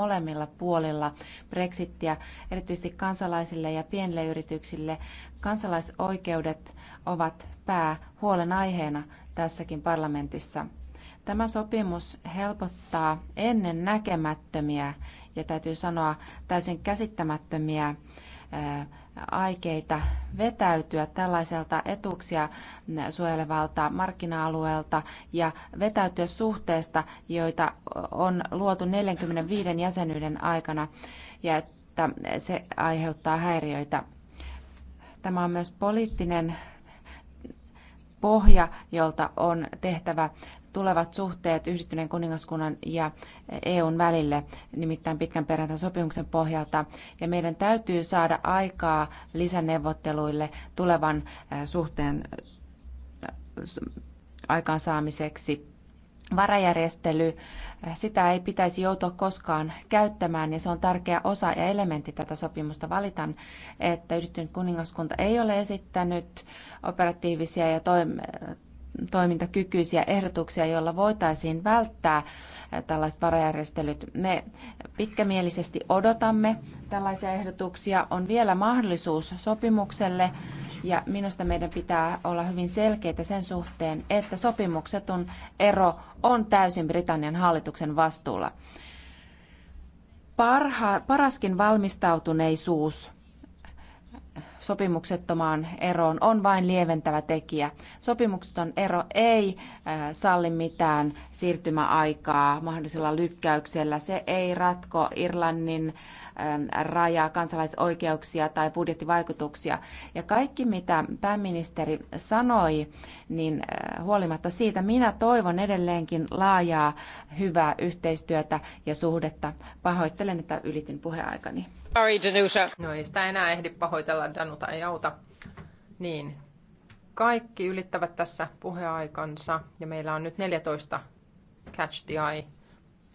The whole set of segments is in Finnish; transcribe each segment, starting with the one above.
molemmilla puolilla Brexittiä, erityisesti kansalaisille ja pienille yrityksille. Kansalaisoikeudet ovat päähuolenaiheena tässäkin parlamentissa. Tämä sopimus helpottaa ennen näkemättömiä ja täytyy sanoa täysin käsittämättömiä aikeita vetäytyä tällaiselta etuuksia suojelevalta markkina-alueelta ja vetäytyä suhteesta, joita on luotu 45 jäsenyyden aikana ja että se aiheuttaa häiriöitä. Tämä on myös poliittinen pohja, jolta on tehtävä tulevat suhteet yhdistyneen kuningaskunnan ja EUn välille, nimittäin pitkän perjantain sopimuksen pohjalta. Ja meidän täytyy saada aikaa lisäneuvotteluille tulevan suhteen aikaansaamiseksi. Varajärjestely, sitä ei pitäisi joutua koskaan käyttämään ja se on tärkeä osa ja elementti tätä sopimusta. Valitan, että yhdistynyt kuningaskunta ei ole esittänyt operatiivisia ja toim- toimintakykyisiä ehdotuksia, joilla voitaisiin välttää tällaiset varajärjestelyt. Me pitkämielisesti odotamme tällaisia ehdotuksia. On vielä mahdollisuus sopimukselle ja minusta meidän pitää olla hyvin selkeitä sen suhteen, että sopimuksetun ero on täysin Britannian hallituksen vastuulla. Parha, paraskin valmistautuneisuus sopimuksettomaan eroon on vain lieventävä tekijä. Sopimukseton ero ei äh, salli mitään siirtymäaikaa mahdollisella lykkäyksellä. Se ei ratko Irlannin rajaa kansalaisoikeuksia tai budjettivaikutuksia. Ja kaikki, mitä pääministeri sanoi, niin huolimatta siitä minä toivon edelleenkin laajaa, hyvää yhteistyötä ja suhdetta. Pahoittelen, että ylitin puheaikani. Sorry, Danuta. No ei sitä enää ehdi pahoitella, Danuta ei auta. Niin, kaikki ylittävät tässä puheaikansa ja meillä on nyt 14 Catch the Eye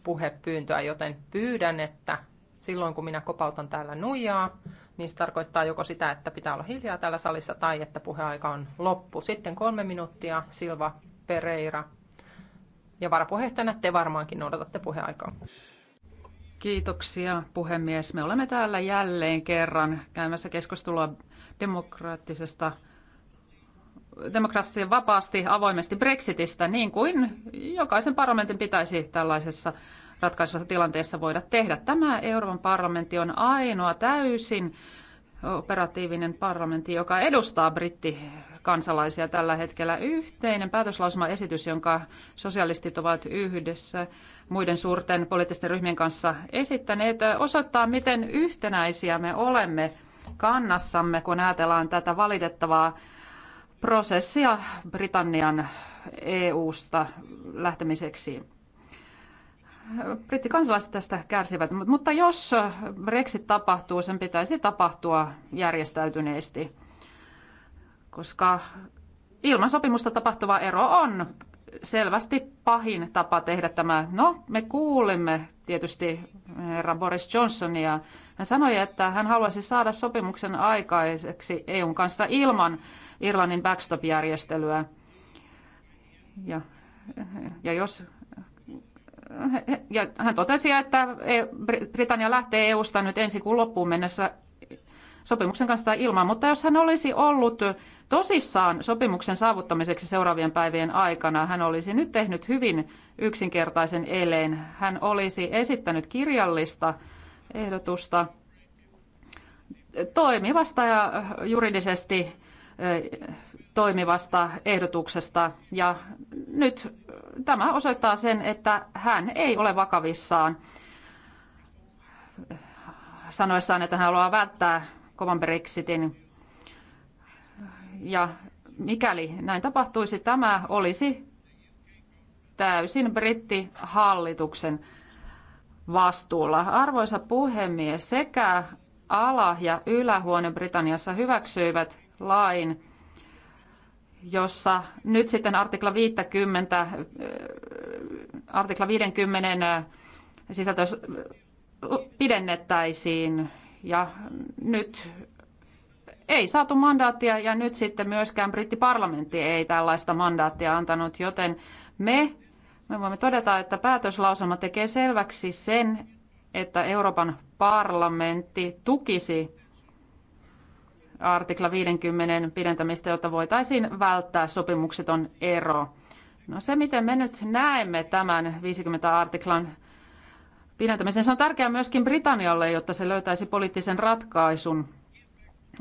puhepyyntöä, joten pyydän, että silloin kun minä kopautan täällä nuijaa, niin se tarkoittaa joko sitä, että pitää olla hiljaa täällä salissa tai että puheaika on loppu. Sitten kolme minuuttia Silva Pereira. Ja varapuheenjohtajana te varmaankin noudatatte puheaikaa. Kiitoksia puhemies. Me olemme täällä jälleen kerran käymässä keskustelua demokraattisesta demokraattisesti vapaasti, avoimesti Brexitistä, niin kuin jokaisen parlamentin pitäisi tällaisessa ratkaisevassa tilanteessa voida tehdä. Tämä Euroopan parlamentti on ainoa täysin operatiivinen parlamentti, joka edustaa brittikansalaisia tällä hetkellä. Yhteinen päätöslausumaesitys, jonka sosialistit ovat yhdessä muiden suurten poliittisten ryhmien kanssa esittäneet, osoittaa, miten yhtenäisiä me olemme kannassamme, kun ajatellaan tätä valitettavaa prosessia Britannian EU-sta lähtemiseksi brittikansalaiset tästä kärsivät, mutta jos äh, Brexit tapahtuu, sen pitäisi tapahtua järjestäytyneesti, koska ilman sopimusta tapahtuva ero on selvästi pahin tapa tehdä tämä. No, me kuulimme tietysti herra Boris Johnsonia. Hän sanoi, että hän haluaisi saada sopimuksen aikaiseksi EUn kanssa ilman Irlannin backstop-järjestelyä. Ja, ja jos ja hän totesi, että e- Britannia lähtee EUsta nyt ensi kuun loppuun mennessä sopimuksen kanssa tai ilman, mutta jos hän olisi ollut tosissaan sopimuksen saavuttamiseksi seuraavien päivien aikana, hän olisi nyt tehnyt hyvin yksinkertaisen eleen. Hän olisi esittänyt kirjallista ehdotusta toimivasta ja juridisesti toimivasta ehdotuksesta. Ja nyt tämä osoittaa sen, että hän ei ole vakavissaan sanoessaan, että hän haluaa välttää kovan Brexitin. Ja mikäli näin tapahtuisi, tämä olisi täysin brittihallituksen vastuulla. Arvoisa puhemies, sekä ala- ja ylähuone Britanniassa hyväksyivät lain, jossa nyt sitten artikla 50, artikla 50 sisältö pidennettäisiin ja nyt ei saatu mandaattia ja nyt sitten myöskään brittiparlamentti ei tällaista mandaattia antanut, joten me, me voimme todeta, että päätöslauselma tekee selväksi sen, että Euroopan parlamentti tukisi artikla 50 pidentämistä, jotta voitaisiin välttää sopimukseton ero. No se, miten me nyt näemme tämän 50 artiklan pidentämisen, se on tärkeää myöskin Britannialle, jotta se löytäisi poliittisen ratkaisun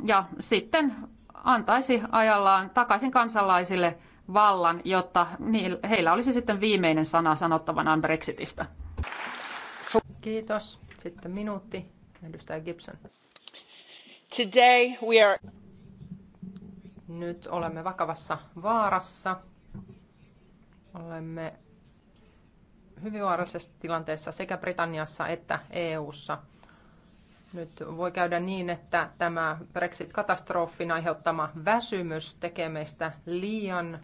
ja sitten antaisi ajallaan takaisin kansalaisille vallan, jotta heillä olisi sitten viimeinen sana sanottavanaan Brexitistä. Kiitos. Sitten minuutti. Edustaja Gibson. Today we are... Nyt olemme vakavassa vaarassa. Olemme hyvin vaarallisessa tilanteessa sekä Britanniassa että EU:ssa. Nyt voi käydä niin, että tämä Brexit-katastrofin aiheuttama väsymys tekee meistä liian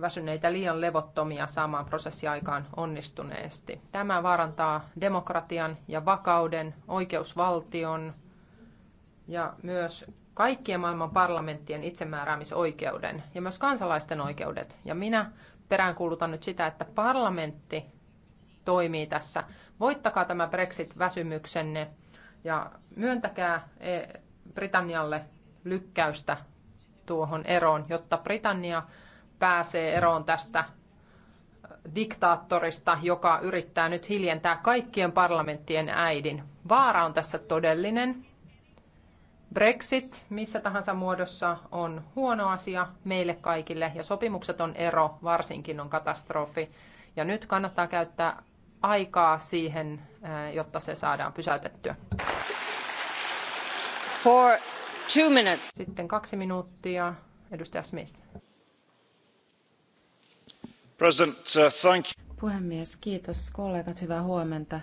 väsyneitä, liian levottomia saamaan prosessiaikaan onnistuneesti. Tämä vaarantaa demokratian ja vakauden, oikeusvaltion, ja myös kaikkien maailman parlamenttien itsemääräämisoikeuden ja myös kansalaisten oikeudet. Ja minä peräänkuulutan nyt sitä, että parlamentti toimii tässä. Voittakaa tämä Brexit-väsymyksenne ja myöntäkää e, Britannialle lykkäystä tuohon eroon, jotta Britannia pääsee eroon tästä diktaattorista, joka yrittää nyt hiljentää kaikkien parlamenttien äidin. Vaara on tässä todellinen Brexit missä tahansa muodossa on huono asia meille kaikille ja sopimukset on ero varsinkin on katastrofi. Ja nyt kannattaa käyttää aikaa siihen, eh, jotta se saadaan pysäytettyä. For two minutes. Sitten kaksi minuuttia. Edustaja Smith. President, uh, thank you. Puhemies, kiitos kollegat, hyvää huomenta.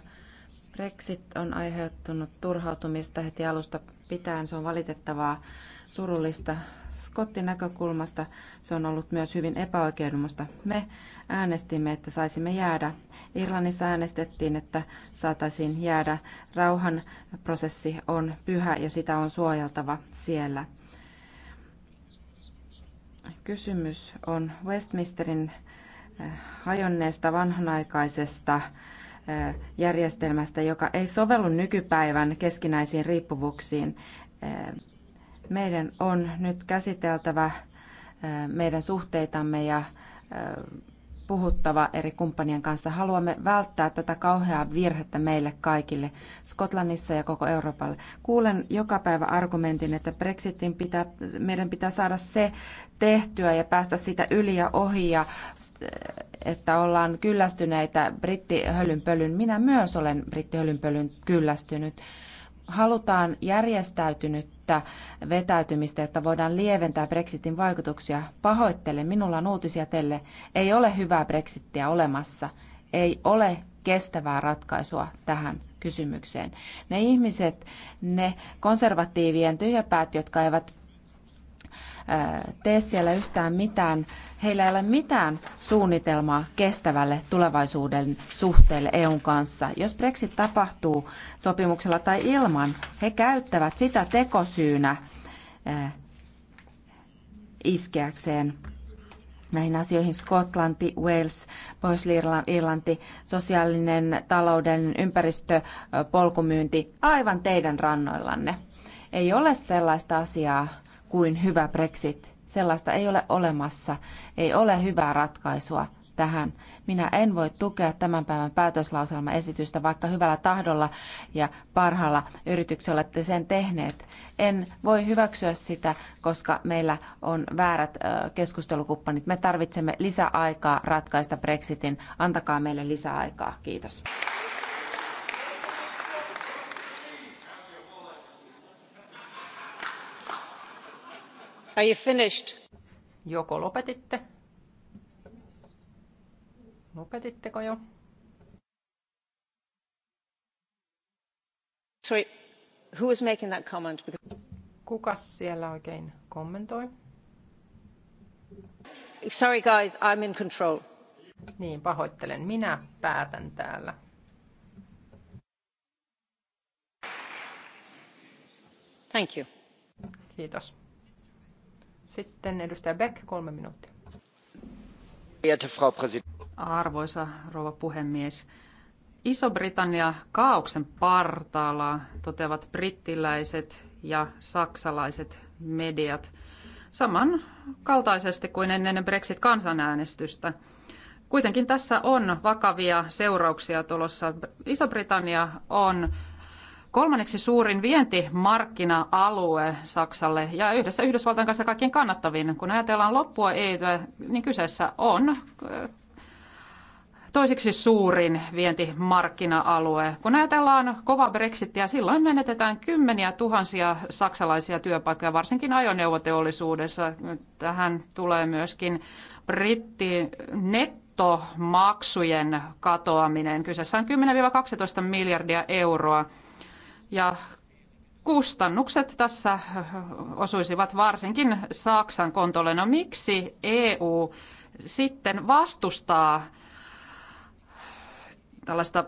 Brexit on aiheuttanut turhautumista heti alusta pitäen. Se on valitettavaa, surullista. Skottin näkökulmasta se on ollut myös hyvin epäoikeudenmusta. Me äänestimme, että saisimme jäädä. Irlannissa äänestettiin, että saataisiin jäädä. Rauhan prosessi on pyhä ja sitä on suojeltava siellä. Kysymys on Westminsterin eh, hajonneesta vanhanaikaisesta järjestelmästä, joka ei sovellu nykypäivän keskinäisiin riippuvuuksiin. Meidän on nyt käsiteltävä meidän suhteitamme ja puhuttava eri kumppanien kanssa. Haluamme välttää tätä kauheaa virhettä meille kaikille, Skotlannissa ja koko Euroopalle. Kuulen joka päivä argumentin, että Brexitin pitää, meidän pitää saada se tehtyä ja päästä sitä yli ja ohi ja että ollaan kyllästyneitä brittihölynpölyn. Minä myös olen brittihölynpölyn kyllästynyt. Halutaan järjestäytynyt yhtä vetäytymistä, jotta voidaan lieventää Brexitin vaikutuksia. Pahoittelen, minulla on uutisia teille. Ei ole hyvää Brexittiä olemassa. Ei ole kestävää ratkaisua tähän kysymykseen. Ne ihmiset, ne konservatiivien tyhjäpäät, jotka eivät tee siellä yhtään mitään. Heillä ei ole mitään suunnitelmaa kestävälle tulevaisuuden suhteelle EUn kanssa. Jos Brexit tapahtuu sopimuksella tai ilman, he käyttävät sitä tekosyynä iskeäkseen näihin asioihin Skotlanti, Wales, Pohjois-Irlanti, sosiaalinen, talouden, ympäristö, polkumyynti, aivan teidän rannoillanne. Ei ole sellaista asiaa, kuin hyvä Brexit. Sellaista ei ole olemassa. Ei ole hyvää ratkaisua tähän. Minä en voi tukea tämän päivän päätöslauselmaesitystä, vaikka hyvällä tahdolla ja parhaalla yrityksellä olette sen tehneet. En voi hyväksyä sitä, koska meillä on väärät keskustelukumppanit. Me tarvitsemme lisäaikaa ratkaista Brexitin. Antakaa meille lisäaikaa. Kiitos. Are you Joko lopetitte? Lopetitteko jo? Sorry, who was making that comment? Kukas siellä oikein kommentoi? Sorry guys, I'm in control. Niin, pahoittelen. Minä päätän täällä. Thank you. Kiitos. Sitten edustaja Beck, kolme minuuttia. Arvoisa rouva puhemies, Iso-Britannia kaauksen partaalla toteavat brittiläiset ja saksalaiset mediat samankaltaisesti kuin ennen Brexit-kansanäänestystä. Kuitenkin tässä on vakavia seurauksia tulossa. Iso-Britannia on kolmanneksi suurin vientimarkkina-alue Saksalle ja yhdessä Yhdysvaltain kanssa kaikkien kannattavin. Kun ajatellaan loppua EUta, niin kyseessä on äh, toiseksi suurin vientimarkkina-alue. Kun ajatellaan kova brexittiä, silloin menetetään kymmeniä tuhansia saksalaisia työpaikkoja, varsinkin ajoneuvoteollisuudessa. Tähän tulee myöskin britti nettomaksujen katoaminen. Kyseessä on 10-12 miljardia euroa ja kustannukset tässä osuisivat varsinkin Saksan kontolle. No miksi EU sitten vastustaa tällaista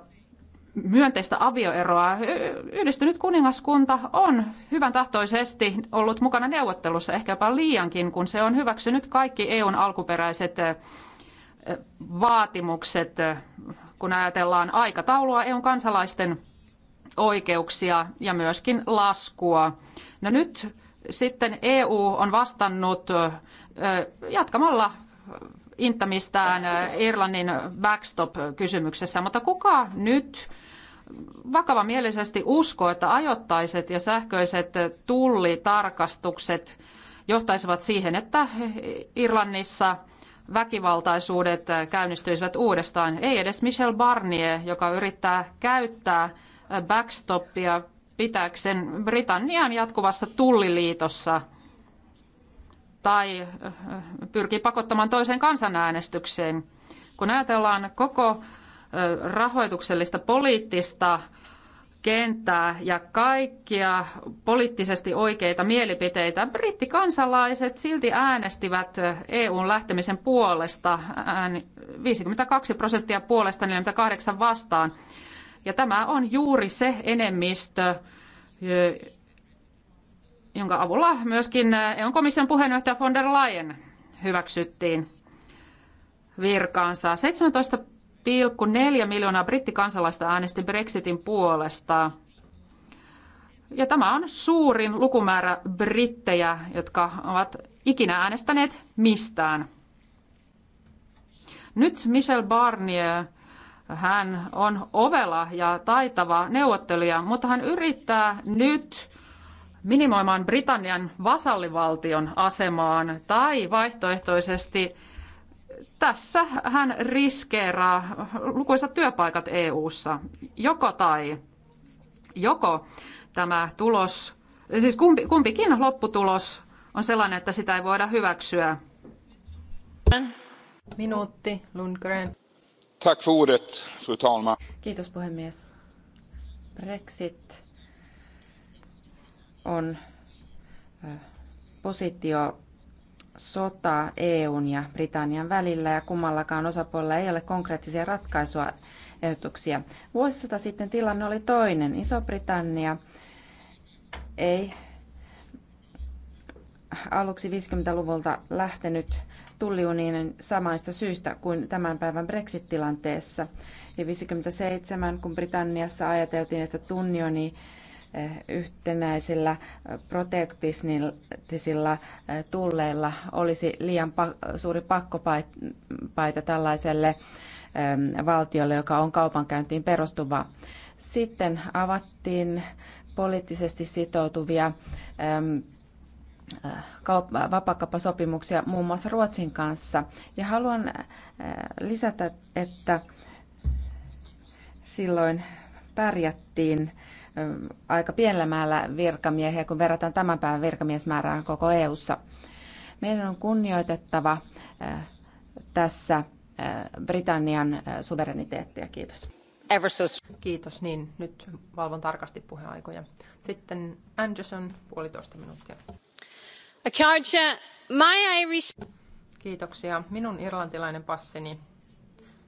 myönteistä avioeroa. Yhdistynyt kuningaskunta on hyvän tahtoisesti ollut mukana neuvottelussa ehkäpä liiankin, kun se on hyväksynyt kaikki EUn alkuperäiset vaatimukset, kun ajatellaan aikataulua EUn kansalaisten oikeuksia ja myöskin laskua. No nyt sitten EU on vastannut jatkamalla intämistään Irlannin backstop-kysymyksessä, mutta kuka nyt vakavamielisesti uskoo, että ajoittaiset ja sähköiset tullitarkastukset johtaisivat siihen, että Irlannissa väkivaltaisuudet käynnistyisivät uudestaan. Ei edes Michel Barnier, joka yrittää käyttää backstopia pitääkseen Britannian jatkuvassa tulliliitossa tai äh, pyrkii pakottamaan toiseen kansanäänestykseen. Kun ajatellaan koko äh, rahoituksellista poliittista kenttää ja kaikkia poliittisesti oikeita mielipiteitä. Brittikansalaiset silti äänestivät äh, EUn lähtemisen puolesta, 52 prosenttia puolesta, 48 vastaan. Ja tämä on juuri se enemmistö, jonka avulla myöskin EUn komission puheenjohtaja von der Leyen hyväksyttiin virkaansa. 17,4 miljoonaa brittikansalaista äänesti Brexitin puolesta. Ja tämä on suurin lukumäärä brittejä, jotka ovat ikinä äänestäneet mistään. Nyt Michel Barnier hän on ovela ja taitava neuvottelija, mutta hän yrittää nyt minimoimaan Britannian vasallivaltion asemaan tai vaihtoehtoisesti tässä hän riskeeraa lukuisat työpaikat EU:ssa. Joko tai joko tämä tulos, siis kumpi, kumpikin lopputulos on sellainen, että sitä ei voida hyväksyä. Minuutti, Lundgren. Tack för ordet, fru talman. Kiitos puhemies. Brexit on positio sota EUn ja Britannian välillä ja kummallakaan osapuolella ei ole konkreettisia ratkaisua ehdotuksia. Vuosisata sitten tilanne oli toinen. Iso-Britannia ei aluksi 50-luvulta lähtenyt tulliuniinin samaista syistä kuin tämän päivän Brexit-tilanteessa. Eli 57, kun Britanniassa ajateltiin, että tunnioni niin, eh, yhtenäisillä eh, protektionistisilla eh, tulleilla olisi liian suuri pakkopaita tällaiselle valtiolle, joka on kaupankäyntiin perustuva. Sitten avattiin poliittisesti sitoutuvia vapaakauppasopimuksia muun muassa Ruotsin kanssa. Ja haluan äh, lisätä, että silloin pärjättiin äh, aika pienellä määrällä virkamiehiä, kun verrataan tämän päivän virkamiesmäärään koko EU:ssa. Meidän on kunnioitettava äh, tässä Britannian suvereniteettia. Kiitos. Kiitos. Niin, nyt valvon tarkasti puheaikoja. Sitten Anderson, puolitoista minuuttia. Kiitoksia. Minun irlantilainen passini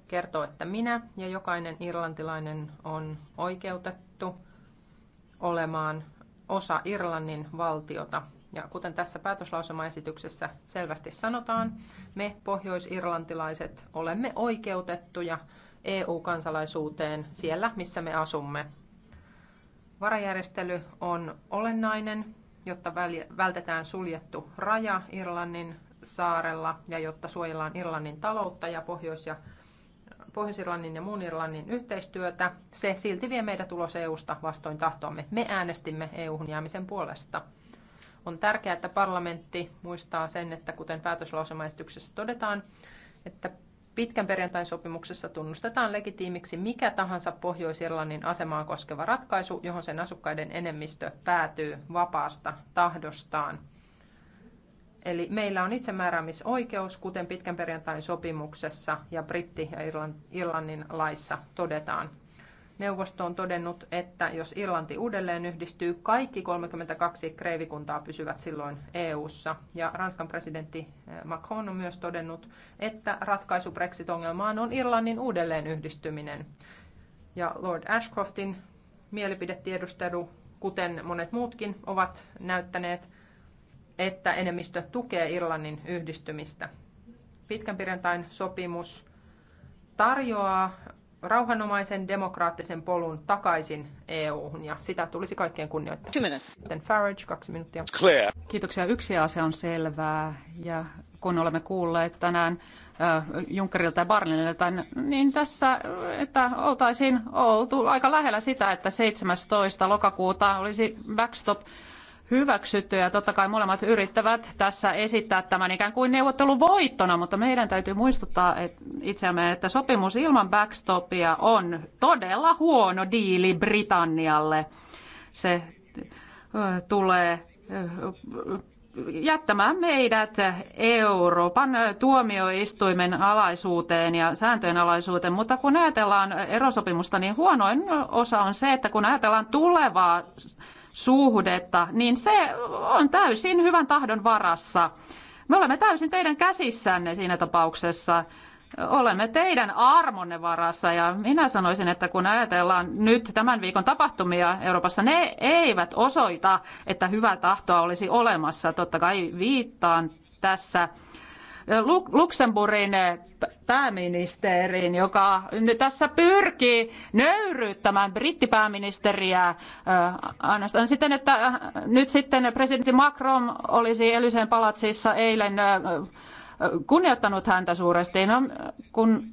kertoo, että minä ja jokainen irlantilainen on oikeutettu olemaan osa Irlannin valtiota. Ja kuten tässä päätöslauselmaesityksessä selvästi sanotaan, me pohjoisirlantilaiset olemme oikeutettuja EU-kansalaisuuteen siellä, missä me asumme. Varajärjestely on olennainen jotta vältetään suljettu raja Irlannin saarella ja jotta suojellaan Irlannin taloutta ja Pohjois- ja Pohjois-Irlannin ja muun Irlannin yhteistyötä, se silti vie meidät ulos EU-sta vastoin tahtoamme. Me äänestimme EU-hun jäämisen puolesta. On tärkeää, että parlamentti muistaa sen, että kuten päätöslauselmaesityksessä todetaan, että Pitkän perjantain sopimuksessa tunnustetaan legitiimiksi mikä tahansa Pohjois-Irlannin asemaa koskeva ratkaisu, johon sen asukkaiden enemmistö päätyy vapaasta tahdostaan. Eli meillä on itsemääräämisoikeus, kuten pitkän perjantain sopimuksessa ja britti- ja Irlannin laissa todetaan. Neuvosto on todennut, että jos Irlanti uudelleen yhdistyy, kaikki 32 kreivikuntaa pysyvät silloin EU:ssa. Ja Ranskan presidentti eh, Macron on myös todennut, että ratkaisu Brexit-ongelmaan on Irlannin uudelleen yhdistyminen. Ja Lord Ashcroftin mielipidetiedustelu, kuten monet muutkin, ovat näyttäneet, että enemmistö tukee Irlannin yhdistymistä. Pitkän perjantain sopimus tarjoaa rauhanomaisen demokraattisen polun takaisin EU-hun ja sitä tulisi kaikkien kunnioittaa. Sitten Farage, kaksi minuuttia. Clear. Kiitoksia. Yksi asia on selvää ja kun olemme kuulleet tänään äh, Junckerilta ja Barnelilta, niin tässä, että oltaisiin oltu aika lähellä sitä, että 17. lokakuuta olisi backstop hyväksytty ja totta kai molemmat yrittävät tässä esittää tämän ikään kuin neuvottelun voittona, mutta meidän täytyy muistuttaa itseämme, että sopimus ilman backstopia on todella huono diili Britannialle. Se tulee jättämään meidät Euroopan tuomioistuimen alaisuuteen ja sääntöjen alaisuuteen, mutta kun ajatellaan erosopimusta, niin huonoin osa on se, että kun ajatellaan tulevaa suhdetta, niin se on täysin hyvän tahdon varassa. Me olemme täysin teidän käsissänne siinä tapauksessa. Olemme teidän armonne varassa ja minä sanoisin, että kun ajatellaan nyt tämän viikon tapahtumia Euroopassa, ne eivät osoita, että hyvää tahtoa olisi olemassa. Totta kai viittaan tässä Luxemburgin eh, pääministerin, joka nyt tässä pyrkii nöyryyttämään brittipääministeriä eh, ainoastaan siten, että eh, nyt sitten presidentti Macron olisi Elysen palatsissa eilen kunnioittanut häntä suuresti. No, kun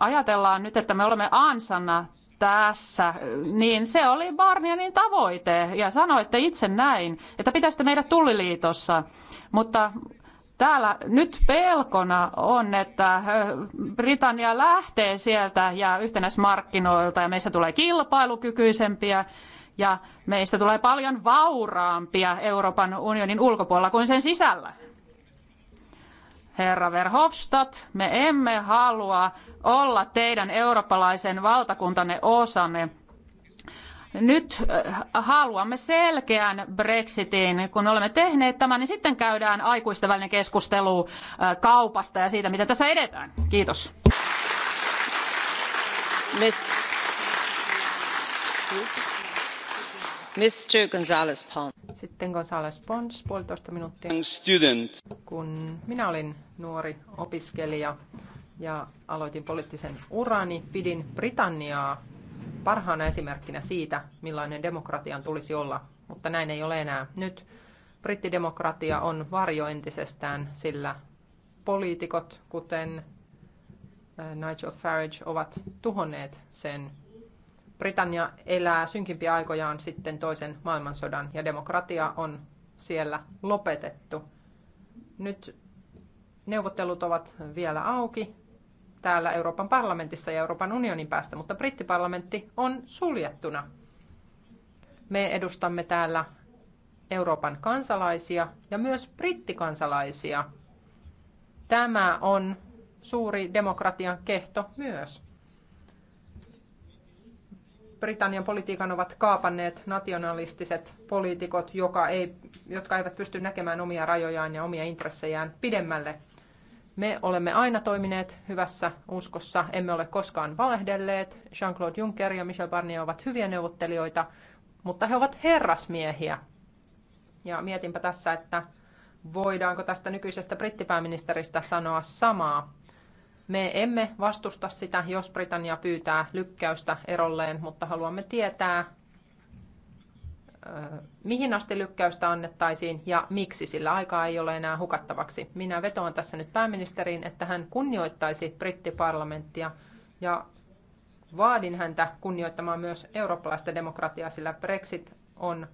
ajatellaan nyt, että me olemme ansana tässä, niin se oli Barnierin tavoite ja sanoitte itse näin, että pitäisitte meidät tulliliitossa, mutta Täällä nyt pelkona on, että Britannia lähtee sieltä ja yhtenäismarkkinoilta ja meistä tulee kilpailukykyisempiä ja meistä tulee paljon vauraampia Euroopan unionin ulkopuolella kuin sen sisällä. Herra Verhofstadt, me emme halua olla teidän eurooppalaisen valtakuntanne osanne nyt äh, haluamme selkeän Brexitin. Kun olemme tehneet tämän, niin sitten käydään aikuisten välinen keskustelu äh, kaupasta ja siitä, miten tässä edetään. Kiitos. Miss... Mr. Gonzalez Pons. Sitten Gonzalez Pons, puolitoista minuuttia. Student. Kun minä olin nuori opiskelija ja aloitin poliittisen urani, pidin Britanniaa parhaana esimerkkinä siitä, millainen demokratian tulisi olla, mutta näin ei ole enää. Nyt brittidemokratia on varjo entisestään, sillä poliitikot, kuten äh, Nigel Farage, ovat tuhonneet sen. Britannia elää synkimpiä aikojaan sitten toisen maailmansodan ja demokratia on siellä lopetettu. Nyt neuvottelut ovat vielä auki täällä Euroopan parlamentissa ja Euroopan unionin päästä, mutta brittiparlamentti on suljettuna. Me edustamme täällä Euroopan kansalaisia ja myös brittikansalaisia. Tämä on suuri demokratian kehto myös. Britannian politiikan ovat kaapanneet nationalistiset poliitikot, joka ei, jotka eivät pysty näkemään omia rajojaan ja omia intressejään pidemmälle me olemme aina toimineet hyvässä uskossa, emme ole koskaan valehdelleet. Jean-Claude Juncker ja Michel Barnier ovat hyviä neuvottelijoita, mutta he ovat herrasmiehiä. Ja mietinpä tässä, että voidaanko tästä nykyisestä brittipääministeristä sanoa samaa. Me emme vastusta sitä, jos Britannia pyytää lykkäystä erolleen, mutta haluamme tietää, mihin asti lykkäystä annettaisiin ja miksi, sillä aikaa ei ole enää hukattavaksi. Minä vetoan tässä nyt pääministeriin, että hän kunnioittaisi brittiparlamenttia ja vaadin häntä kunnioittamaan myös eurooppalaista demokratiaa, sillä Brexit on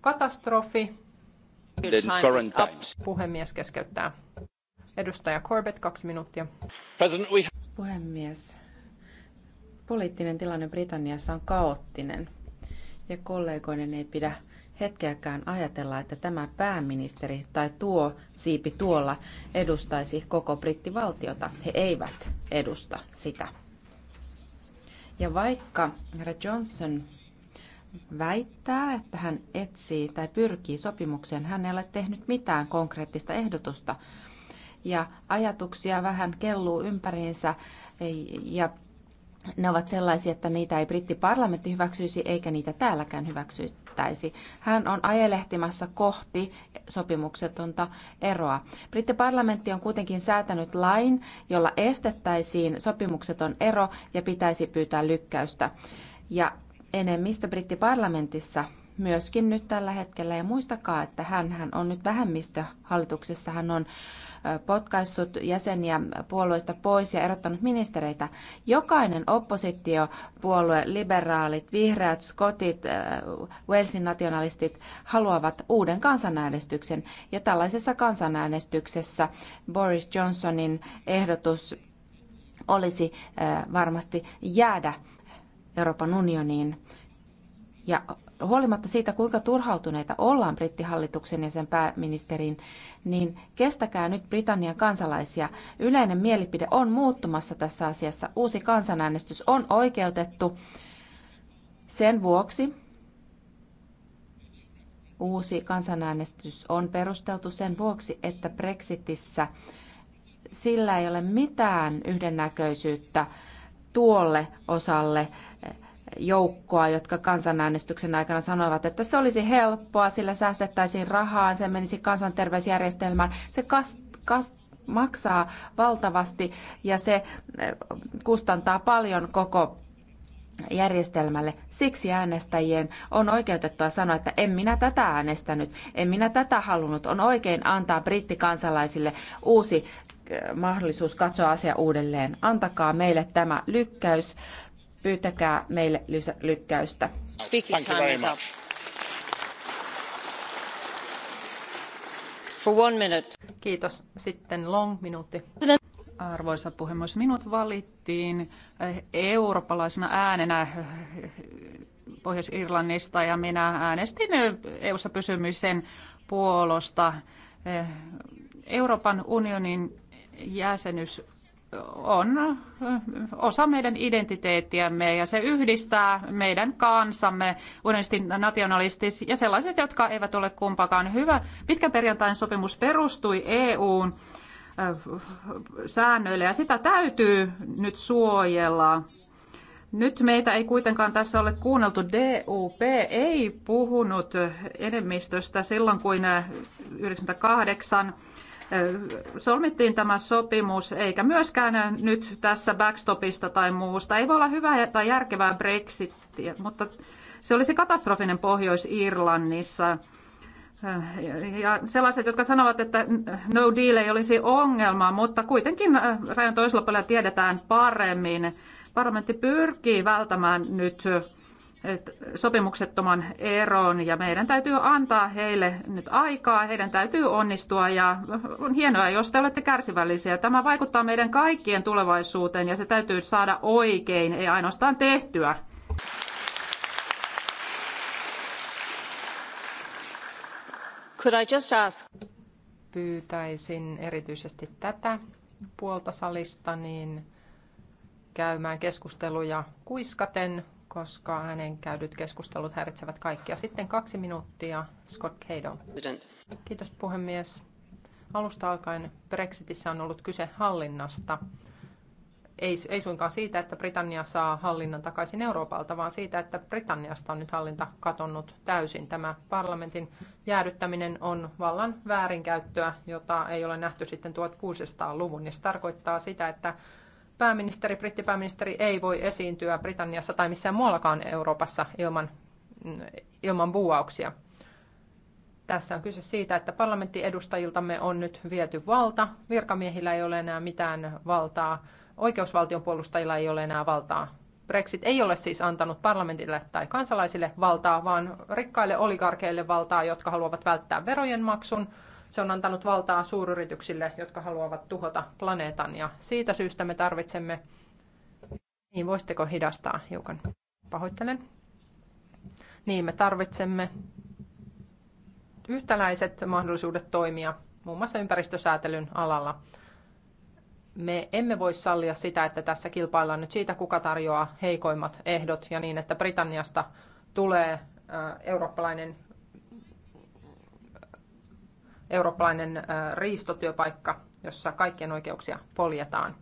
katastrofi. Puhemies keskeyttää. Edustaja Corbett, kaksi minuuttia. Puhemies, poliittinen tilanne Britanniassa on kaoottinen ja kollegoiden ei pidä hetkeäkään ajatella, että tämä pääministeri tai tuo siipi tuolla edustaisi koko brittivaltiota. He eivät edusta sitä. Ja vaikka herra Johnson väittää, että hän etsii tai pyrkii sopimukseen, hän ei ole tehnyt mitään konkreettista ehdotusta. Ja ajatuksia vähän kelluu ympäriinsä ja ne ovat sellaisia, että niitä ei brittiparlamentti hyväksyisi eikä niitä täälläkään hyväksyttäisi. Hän on ajelehtimassa kohti sopimuksetonta eroa. Brittiparlamentti on kuitenkin säätänyt lain, jolla estettäisiin sopimukseton ero ja pitäisi pyytää lykkäystä. Ja enemmistö brittiparlamentissa myöskin nyt tällä hetkellä. Ja muistakaa, että hän, hän on nyt vähemmistöhallituksessa. Hän on potkaissut jäseniä puolueista pois ja erottanut ministereitä. Jokainen oppositiopuolue, liberaalit, vihreät, skotit, Walesin nationalistit haluavat uuden kansanäänestyksen. Ja tällaisessa kansanäänestyksessä Boris Johnsonin ehdotus olisi varmasti jäädä Euroopan unioniin ja huolimatta siitä, kuinka turhautuneita ollaan brittihallituksen ja sen pääministerin, niin kestäkää nyt Britannian kansalaisia. Yleinen mielipide on muuttumassa tässä asiassa. Uusi kansanäänestys on oikeutettu. Sen vuoksi uusi kansanäänestys on perusteltu sen vuoksi, että Brexitissä sillä ei ole mitään yhdennäköisyyttä tuolle osalle joukkoa, jotka kansanäänestyksen aikana sanoivat, että se olisi helppoa, sillä säästettäisiin rahaa, se menisi kansanterveysjärjestelmään, se kas, kas, maksaa valtavasti ja se eh, kustantaa paljon koko järjestelmälle. Siksi äänestäjien on oikeutettua sanoa, että en minä tätä äänestänyt, en minä tätä halunnut. On oikein antaa brittikansalaisille uusi eh, mahdollisuus katsoa asia uudelleen. Antakaa meille tämä lykkäys pyytäkää meille lisä, lykkäystä. Kiitos. Sitten long minuutti. Arvoisa puhemies, minut valittiin eh, eurooppalaisena äänenä eh, Pohjois-Irlannista ja minä äänestin EU-ssa eh, e pysymisen puolosta. Euroopan unionin jäsenyys on äh, osa meidän identiteettiämme ja se yhdistää meidän kansamme, uudestin nationalistis ja sellaiset, jotka eivät ole kumpakaan hyvä. Pitkän perjantain sopimus perustui EUn äh, säännöille ja sitä täytyy nyt suojella. Nyt meitä ei kuitenkaan tässä ole kuunneltu. DUP ei puhunut enemmistöstä silloin, kuin 98 äh, solmittiin tämä sopimus, eikä myöskään nyt tässä backstopista tai muusta. Ei voi olla hyvää tai järkevää Brexitiä, mutta se olisi katastrofinen Pohjois-Irlannissa. Ja sellaiset, jotka sanovat, että no deal ei olisi ongelma, mutta kuitenkin rajan toisella puolella tiedetään paremmin. Parlamentti pyrkii välttämään nyt sopimuksettoman eron ja meidän täytyy antaa heille nyt aikaa, heidän täytyy onnistua ja on hienoa, jos te olette kärsivällisiä. Tämä vaikuttaa meidän kaikkien tulevaisuuteen ja se täytyy saada oikein, ei ainoastaan tehtyä. Could I just ask? Pyytäisin erityisesti tätä puolta salista niin käymään keskusteluja kuiskaten koska hänen käydyt keskustelut häiritsevät kaikkia. Sitten kaksi minuuttia, Scott Cato. Kiitos puhemies. Alusta alkaen Brexitissä on ollut kyse hallinnasta. Ei, ei suinkaan siitä, että Britannia saa hallinnan takaisin Euroopalta, vaan siitä, että Britanniasta on nyt hallinta katonnut täysin. Tämä parlamentin jäädyttäminen on vallan väärinkäyttöä, jota ei ole nähty sitten 1600-luvun. Ja se tarkoittaa sitä, että pääministeri, brittipääministeri ei voi esiintyä Britanniassa tai missään muuallakaan Euroopassa ilman, ilman buuauksia. Tässä on kyse siitä, että parlamenttiedustajiltamme on nyt viety valta. Virkamiehillä ei ole enää mitään valtaa. Oikeusvaltion puolustajilla ei ole enää valtaa. Brexit ei ole siis antanut parlamentille tai kansalaisille valtaa, vaan rikkaille oligarkeille valtaa, jotka haluavat välttää verojen maksun, se on antanut valtaa suuryrityksille, jotka haluavat tuhota planeetan ja siitä syystä me tarvitsemme... Niin, voisitteko hidastaa hiukan? Pahoittelen. Niin, me tarvitsemme yhtäläiset mahdollisuudet toimia muun muassa ympäristösäätelyn alalla. Me emme voi sallia sitä, että tässä kilpaillaan nyt siitä, kuka tarjoaa heikoimmat ehdot ja niin, että Britanniasta tulee eurooppalainen eurooppalainen riistotyöpaikka, jossa kaikkien oikeuksia poljetaan.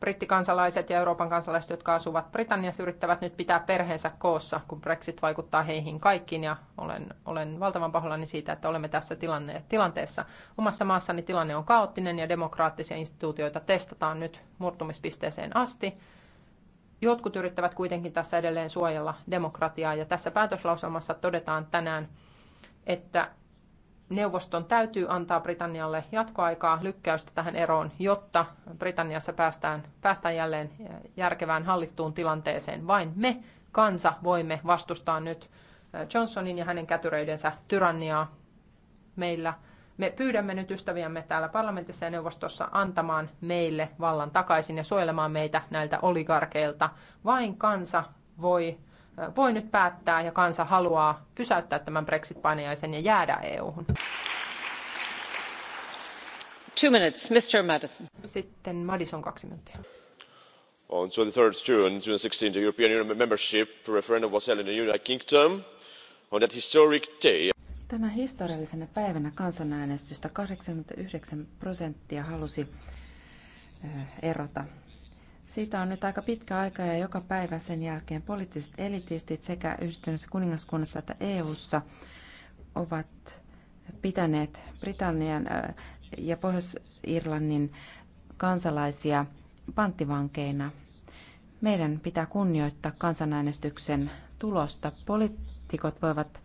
Brittikansalaiset ja Euroopan kansalaiset, jotka asuvat Britanniassa, yrittävät nyt pitää perheensä koossa, kun Brexit vaikuttaa heihin kaikkiin. Ja olen, olen valtavan pahoillani siitä, että olemme tässä tilanne, tilanteessa. Omassa maassani tilanne on kaoottinen ja demokraattisia instituutioita testataan nyt murtumispisteeseen asti. Jotkut yrittävät kuitenkin tässä edelleen suojella demokratiaa ja tässä päätöslauselmassa todetaan tänään, että neuvoston täytyy antaa Britannialle jatkoaikaa lykkäystä tähän eroon, jotta Britanniassa päästään, päästään jälleen järkevään hallittuun tilanteeseen. Vain me, kansa, voimme vastustaa nyt Johnsonin ja hänen kätyröidensä tyranniaa meillä. Me pyydämme nyt ystäviämme täällä parlamentissa ja neuvostossa antamaan meille vallan takaisin ja suojelemaan meitä näiltä oligarkeilta. Vain kansa voi voi nyt päättää ja kansa haluaa pysäyttää tämän Brexit-painajaisen ja jäädä EU-hun. Two minutes, Mr. Madison. Sitten Madison kaksi minuuttia. On 23rd June, June 16, the European Union membership referendum was held in the United Kingdom. On that historic day. Tänä historiallisena päivänä kansanäänestystä 89 prosenttia halusi eh, erota siitä on nyt aika pitkä aika ja joka päivä sen jälkeen poliittiset elitistit sekä yhdistyneessä kuningaskunnassa että EU:ssa ovat pitäneet Britannian ja Pohjois-Irlannin kansalaisia panttivankeina. Meidän pitää kunnioittaa kansanäänestyksen tulosta. Poliitikot voivat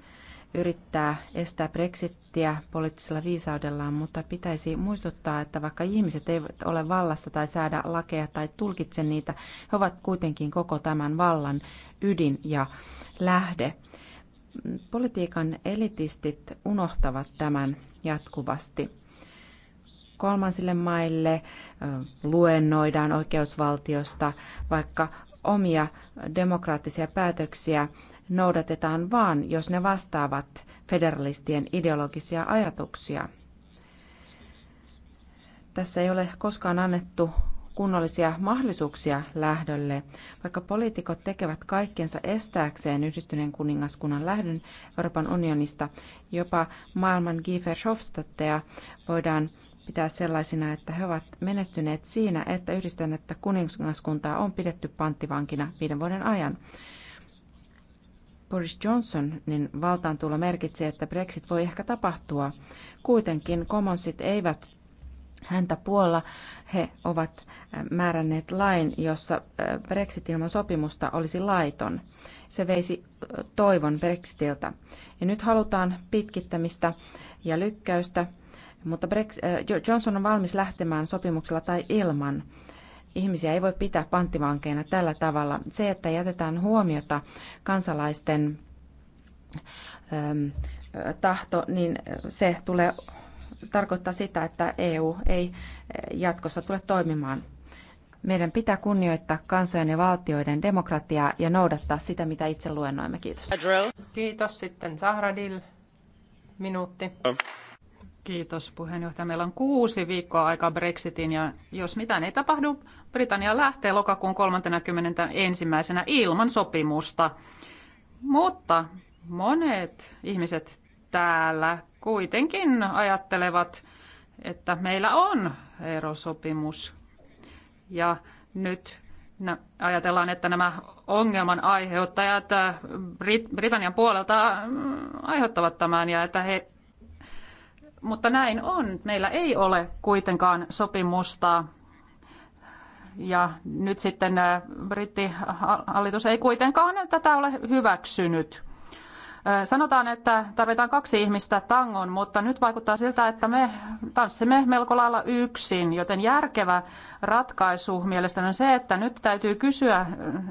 yrittää estää brexittiä poliittisella viisaudellaan, mutta pitäisi muistuttaa, että vaikka ihmiset eivät ole vallassa tai säädä lakeja tai tulkitse niitä, he ovat kuitenkin koko tämän vallan ydin ja lähde. Politiikan elitistit unohtavat tämän jatkuvasti. Kolmansille maille luennoidaan oikeusvaltiosta, vaikka omia demokraattisia päätöksiä noudatetaan vain, jos ne vastaavat federalistien ideologisia ajatuksia. Tässä ei ole koskaan annettu kunnollisia mahdollisuuksia lähdölle. Vaikka poliitikot tekevät kaikkensa estääkseen yhdistyneen kuningaskunnan lähdön Euroopan unionista, jopa maailman Giefershofstatteja voidaan pitää sellaisina, että he ovat menestyneet siinä, että yhdistämättä kuningaskuntaa on pidetty panttivankina viiden vuoden ajan. Boris Johnsonin valtaantulo merkitsee, että Brexit voi ehkä tapahtua. Kuitenkin Commonsit eivät häntä puolla. He ovat äh, määränneet lain, jossa äh, Brexit ilman sopimusta olisi laiton. Se veisi äh, toivon Brexitiltä. Ja nyt halutaan pitkittämistä ja lykkäystä, mutta Johnson on valmis lähtemään sopimuksella tai ilman. Ihmisiä ei voi pitää panttivankeina tällä tavalla. Se, että jätetään huomiota kansalaisten ähm, tahto, niin se tulee tarkoittaa sitä, että EU ei äh, jatkossa tule toimimaan. Meidän pitää kunnioittaa kansojen ja valtioiden demokratiaa ja noudattaa sitä, mitä itse luennoimme. Kiitos. Kiitos. Sitten Zahradil. Minuutti. Kiitos puheenjohtaja. Meillä on kuusi viikkoa aikaa Brexitin ja jos mitään ei tapahdu, Britannia lähtee lokakuun 31. ilman sopimusta. Mutta monet ihmiset täällä kuitenkin ajattelevat, että meillä on erosopimus. Ja nyt ajatellaan, että nämä ongelman aiheuttajat äh, Brit- Britannian puolelta äh, aiheuttavat tämän ja että he mutta näin on. Meillä ei ole kuitenkaan sopimusta ja nyt sitten äh, brittihallitus ei kuitenkaan tätä ole hyväksynyt. Sanotaan, että tarvitaan kaksi ihmistä tangon, mutta nyt vaikuttaa siltä, että me tanssimme melko lailla yksin, joten järkevä ratkaisu mielestäni on se, että nyt täytyy kysyä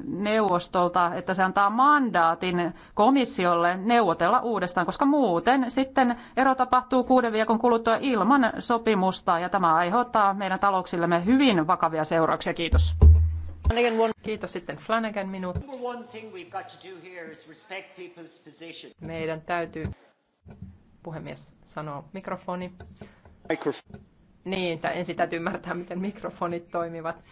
neuvostolta, että se antaa mandaatin komissiolle neuvotella uudestaan, koska muuten sitten ero tapahtuu kuuden viikon kuluttua ilman sopimusta ja tämä aiheuttaa meidän talouksillemme hyvin vakavia seurauksia. Kiitos. Kiitos sitten Flanagan minut. Meidän täytyy, puhemies sanoo mikrofoni. Mikrofoni. Niin, ensin täytyy ymmärtää, miten mikrofonit toimivat.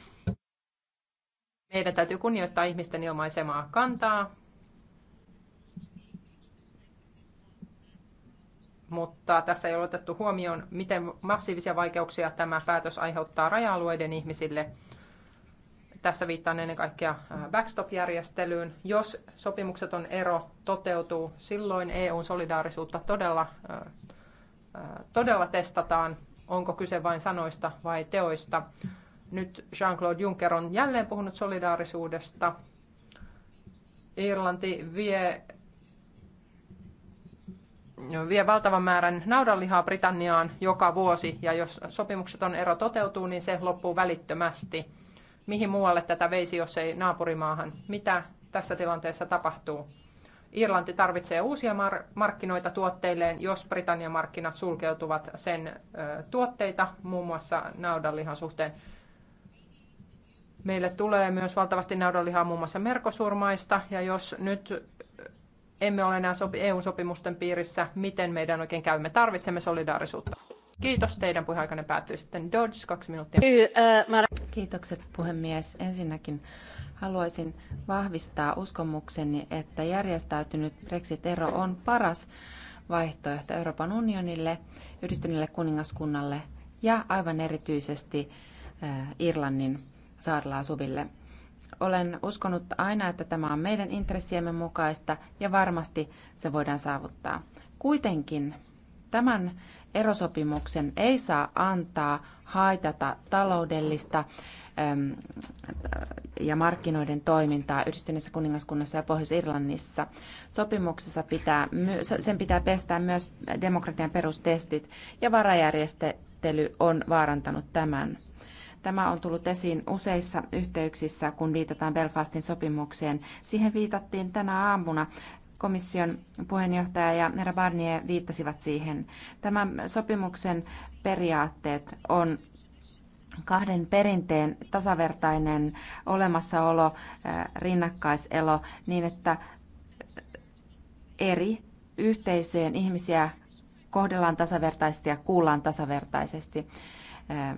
Meidän täytyy kunnioittaa ihmisten ilmaisemaa kantaa, mutta tässä ei ole otettu huomioon, miten massiivisia vaikeuksia tämä päätös aiheuttaa raja-alueiden ihmisille – tässä viittaan ennen kaikkea backstop-järjestelyyn. Jos sopimukseton ero toteutuu, silloin EUn solidaarisuutta todella, todella testataan, onko kyse vain sanoista vai teoista. Nyt Jean-Claude Juncker on jälleen puhunut solidaarisuudesta. Irlanti vie vie valtavan määrän naudanlihaa Britanniaan joka vuosi, ja jos sopimukseton ero toteutuu, niin se loppuu välittömästi mihin muualle tätä veisi, jos ei naapurimaahan. Mitä tässä tilanteessa tapahtuu? Irlanti tarvitsee uusia mar- markkinoita tuotteilleen, jos Britannian markkinat sulkeutuvat sen ö, tuotteita, muun muassa naudanlihan suhteen. Meille tulee myös valtavasti naudanlihaa muun muassa merkosurmaista, ja jos nyt emme ole enää sopi- EU-sopimusten piirissä, miten meidän oikein käymme? Tarvitsemme solidaarisuutta. Kiitos. Teidän puheaikanne päättyy sitten Dodge, kaksi minuuttia. Kiitokset puhemies. Ensinnäkin haluaisin vahvistaa uskomukseni, että järjestäytynyt Brexit-ero on paras vaihtoehto Euroopan unionille, yhdistyneelle kuningaskunnalle ja aivan erityisesti Irlannin saarella asuville. Olen uskonut aina, että tämä on meidän intressiemme mukaista ja varmasti se voidaan saavuttaa. Kuitenkin Tämän erosopimuksen ei saa antaa haitata taloudellista ja markkinoiden toimintaa Yhdistyneessä kuningaskunnassa ja Pohjois-Irlannissa. Sopimuksessa pitää, sen pitää pestää myös demokratian perustestit ja varajärjestely on vaarantanut tämän. Tämä on tullut esiin useissa yhteyksissä, kun viitataan Belfastin sopimukseen. Siihen viitattiin tänä aamuna komission puheenjohtaja ja herra Barnier viittasivat siihen. Tämän sopimuksen periaatteet on kahden perinteen tasavertainen olemassaolo, äh, rinnakkaiselo, niin että eri yhteisöjen ihmisiä kohdellaan tasavertaisesti ja kuullaan tasavertaisesti. Ähm,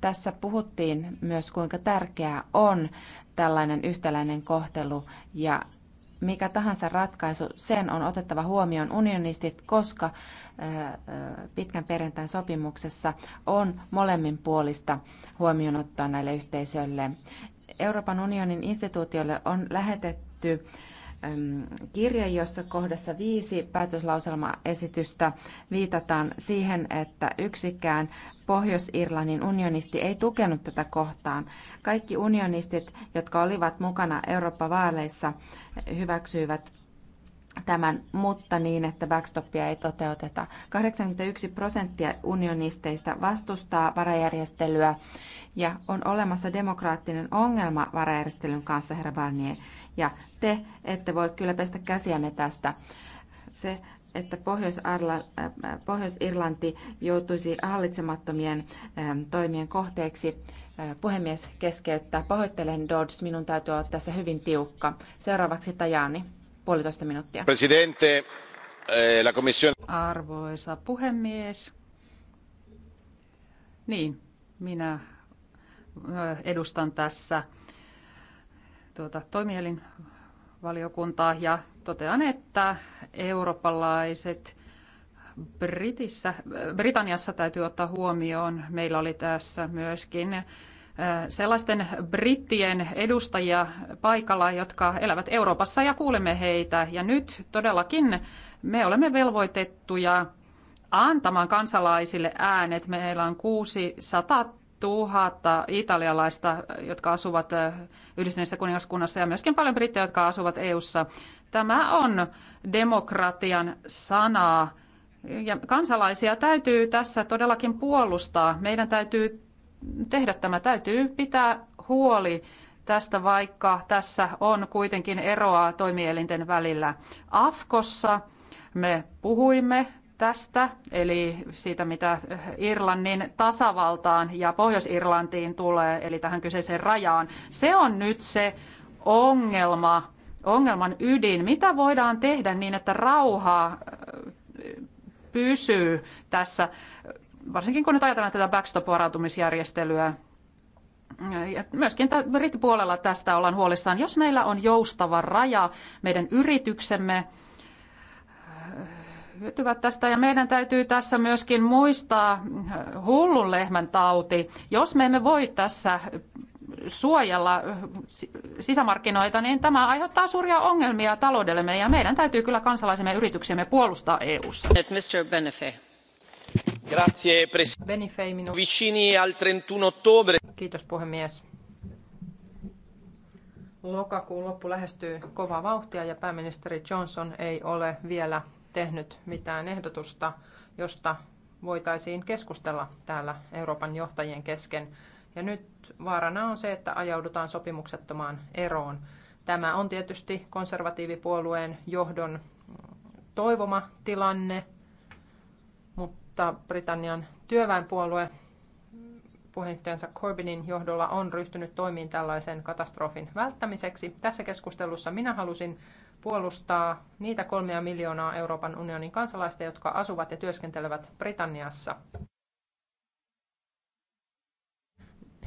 tässä puhuttiin myös, kuinka tärkeää on tällainen yhtäläinen kohtelu ja mikä tahansa ratkaisu, sen on otettava huomioon unionistit, koska pitkän perjantain sopimuksessa on molemmin huomioon ottaa näille yhteisöille. Euroopan unionin instituutioille on lähetetty kirje, jossa kohdassa viisi päätöslauselmaesitystä viitataan siihen, että yksikään Pohjois-Irlannin unionisti ei tukenut tätä kohtaan. Kaikki unionistit, jotka olivat mukana Eurooppa-vaaleissa, hyväksyivät tämän, mutta niin, että backstopia ei toteuteta. 81 prosenttia unionisteista vastustaa varajärjestelyä ja on olemassa demokraattinen ongelma varajärjestelyn kanssa, herra Barnier. Ja te ette voi kyllä pestä käsiänne tästä. Se, että äh, Pohjois-Irlanti joutuisi hallitsemattomien ähm, toimien kohteeksi, äh, puhemies keskeyttää. Pahoittelen, Dodds, minun täytyy olla tässä hyvin tiukka. Seuraavaksi Tajani puolitoista minuuttia. Presidente, eh, la Arvoisa puhemies. Niin, minä eh, edustan tässä tuota, toimielin valiokuntaa ja totean, että eurooppalaiset Britissä, eh, Britanniassa täytyy ottaa huomioon. Meillä oli tässä myöskin sellaisten brittien edustajia paikalla, jotka elävät Euroopassa ja kuulemme heitä. Ja nyt todellakin me olemme velvoitettuja antamaan kansalaisille äänet. Meillä on 600 000 italialaista, jotka asuvat yhdistyneessä kuningaskunnassa ja myöskin paljon brittejä, jotka asuvat EU:ssa. Tämä on demokratian sanaa. Ja kansalaisia täytyy tässä todellakin puolustaa. Meidän täytyy tehdä tämä. Täytyy pitää huoli tästä, vaikka tässä on kuitenkin eroa toimielinten välillä. Afkossa me puhuimme tästä, eli siitä, mitä Irlannin tasavaltaan ja Pohjois-Irlantiin tulee, eli tähän kyseiseen rajaan. Se on nyt se ongelma, ongelman ydin. Mitä voidaan tehdä niin, että rauha äh, pysyy tässä varsinkin kun nyt ajatellaan tätä backstop-varautumisjärjestelyä, ja myöskin puolella tästä ollaan huolissaan. Jos meillä on joustava raja, meidän yrityksemme äh, hyötyvät tästä ja meidän täytyy tässä myöskin muistaa äh, hullun lehmän tauti. Jos me emme voi tässä suojella äh, sisämarkkinoita, niin tämä aiheuttaa suuria ongelmia taloudellemme ja meidän täytyy kyllä kansalaisemme ja yrityksiemme puolustaa EU:ssa. Mr. Benefit. Grazie, Vicini al ottobre. Kiitos puhemies. Lokakuun loppu lähestyy kovaa vauhtia ja pääministeri Johnson ei ole vielä tehnyt mitään ehdotusta, josta voitaisiin keskustella täällä Euroopan johtajien kesken. Ja nyt vaarana on se, että ajaudutaan sopimuksettomaan eroon. Tämä on tietysti konservatiivipuolueen johdon toivoma tilanne, mutta Britannian työväenpuolue puheenjohtajansa Corbynin johdolla on ryhtynyt toimiin tällaisen katastrofin välttämiseksi. Tässä keskustelussa minä halusin puolustaa niitä kolmea miljoonaa Euroopan unionin kansalaista, jotka asuvat ja työskentelevät Britanniassa.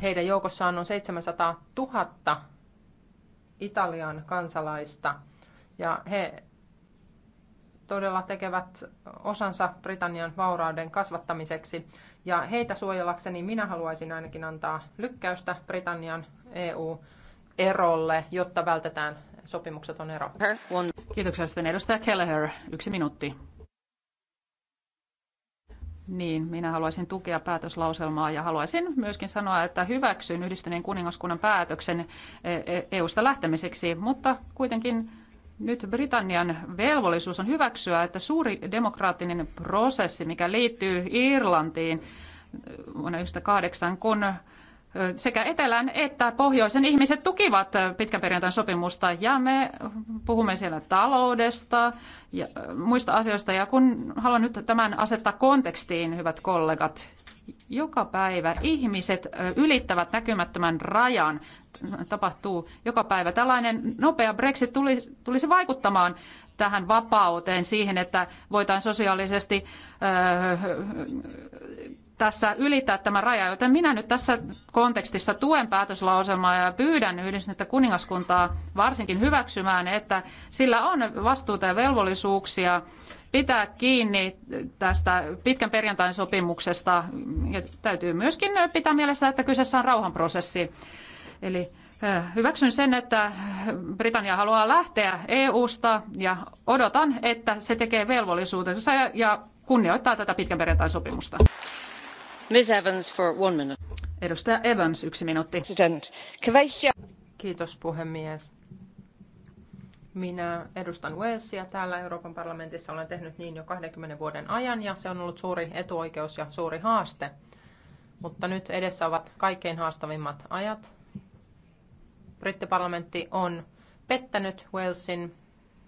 Heidän joukossaan on 700 000 Italian kansalaista ja he todella tekevät osansa Britannian vaurauden kasvattamiseksi. Ja heitä suojellakseni minä haluaisin ainakin antaa lykkäystä Britannian EU-erolle, jotta vältetään sopimukseton ero. Kiitoksia sitten edustaja Kelleher. Yksi minuutti. Niin, minä haluaisin tukea päätöslauselmaa ja haluaisin myöskin sanoa, että hyväksyn yhdistyneen kuningaskunnan päätöksen EUsta e e lähtemiseksi, mutta kuitenkin nyt Britannian velvollisuus on hyväksyä, että suuri demokraattinen prosessi, mikä liittyy Irlantiin vuonna 1998, kun sekä etelän että pohjoisen ihmiset tukivat pitkän perjantain sopimusta ja me puhumme siellä taloudesta ja muista asioista. Ja kun haluan nyt tämän asettaa kontekstiin, hyvät kollegat, joka päivä ihmiset ylittävät näkymättömän rajan tapahtuu joka päivä. Tällainen nopea Brexit tulisi, tulisi vaikuttamaan tähän vapauteen, siihen, että voitaisiin sosiaalisesti öö, tässä ylittää tämä raja, joten minä nyt tässä kontekstissa tuen päätöslauselmaa ja pyydän yhdistynyttä kuningaskuntaa varsinkin hyväksymään, että sillä on vastuuta ja velvollisuuksia pitää kiinni tästä pitkän perjantain sopimuksesta ja täytyy myöskin pitää mielessä, että kyseessä on rauhanprosessi. Eli Hyväksyn sen, että Britannia haluaa lähteä EU-sta ja odotan, että se tekee velvollisuutensa ja kunnioittaa tätä pitkän perjantain sopimusta arvoisa Evans for Evans, yksi minuutti. President. Kiitos puhemies. Minä edustan Walesia täällä Euroopan parlamentissa. Olen tehnyt niin jo 20 vuoden ajan ja se on ollut suuri etuoikeus ja suuri haaste. Mutta nyt edessä ovat kaikkein haastavimmat ajat. Brittiparlamentti on pettänyt Walesin.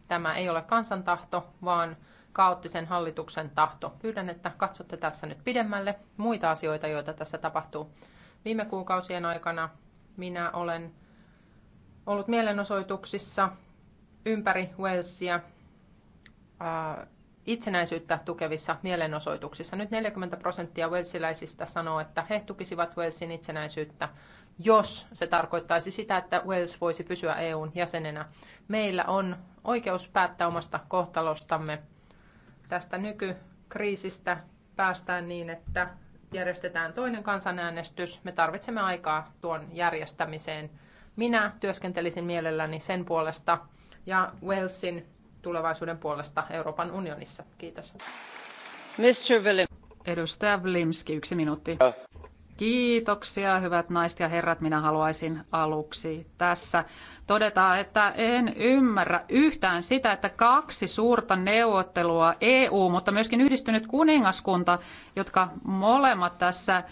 Tämä ei ole kansantahto, vaan kaoottisen hallituksen tahto. Pyydän, että katsotte tässä nyt pidemmälle muita asioita, joita tässä tapahtuu. Viime kuukausien aikana minä olen ollut mielenosoituksissa ympäri Walesia itsenäisyyttä tukevissa mielenosoituksissa. Nyt 40 prosenttia welsiläisistä sanoo, että he tukisivat Walesin itsenäisyyttä, jos se tarkoittaisi sitä, että Wales voisi pysyä EUn jäsenenä. Meillä on oikeus päättää omasta kohtalostamme tästä nykykriisistä päästään niin, että järjestetään toinen kansanäänestys. Me tarvitsemme aikaa tuon järjestämiseen. Minä työskentelisin mielelläni sen puolesta ja Walesin tulevaisuuden puolesta Euroopan unionissa. Kiitos. Mr. William. Edustaja Vlimski, yksi minuutti. Kiitoksia, hyvät naiset ja herrat. Minä haluaisin aluksi tässä todeta, että en ymmärrä yhtään sitä, että kaksi suurta neuvottelua EU, mutta myöskin yhdistynyt kuningaskunta, jotka molemmat tässä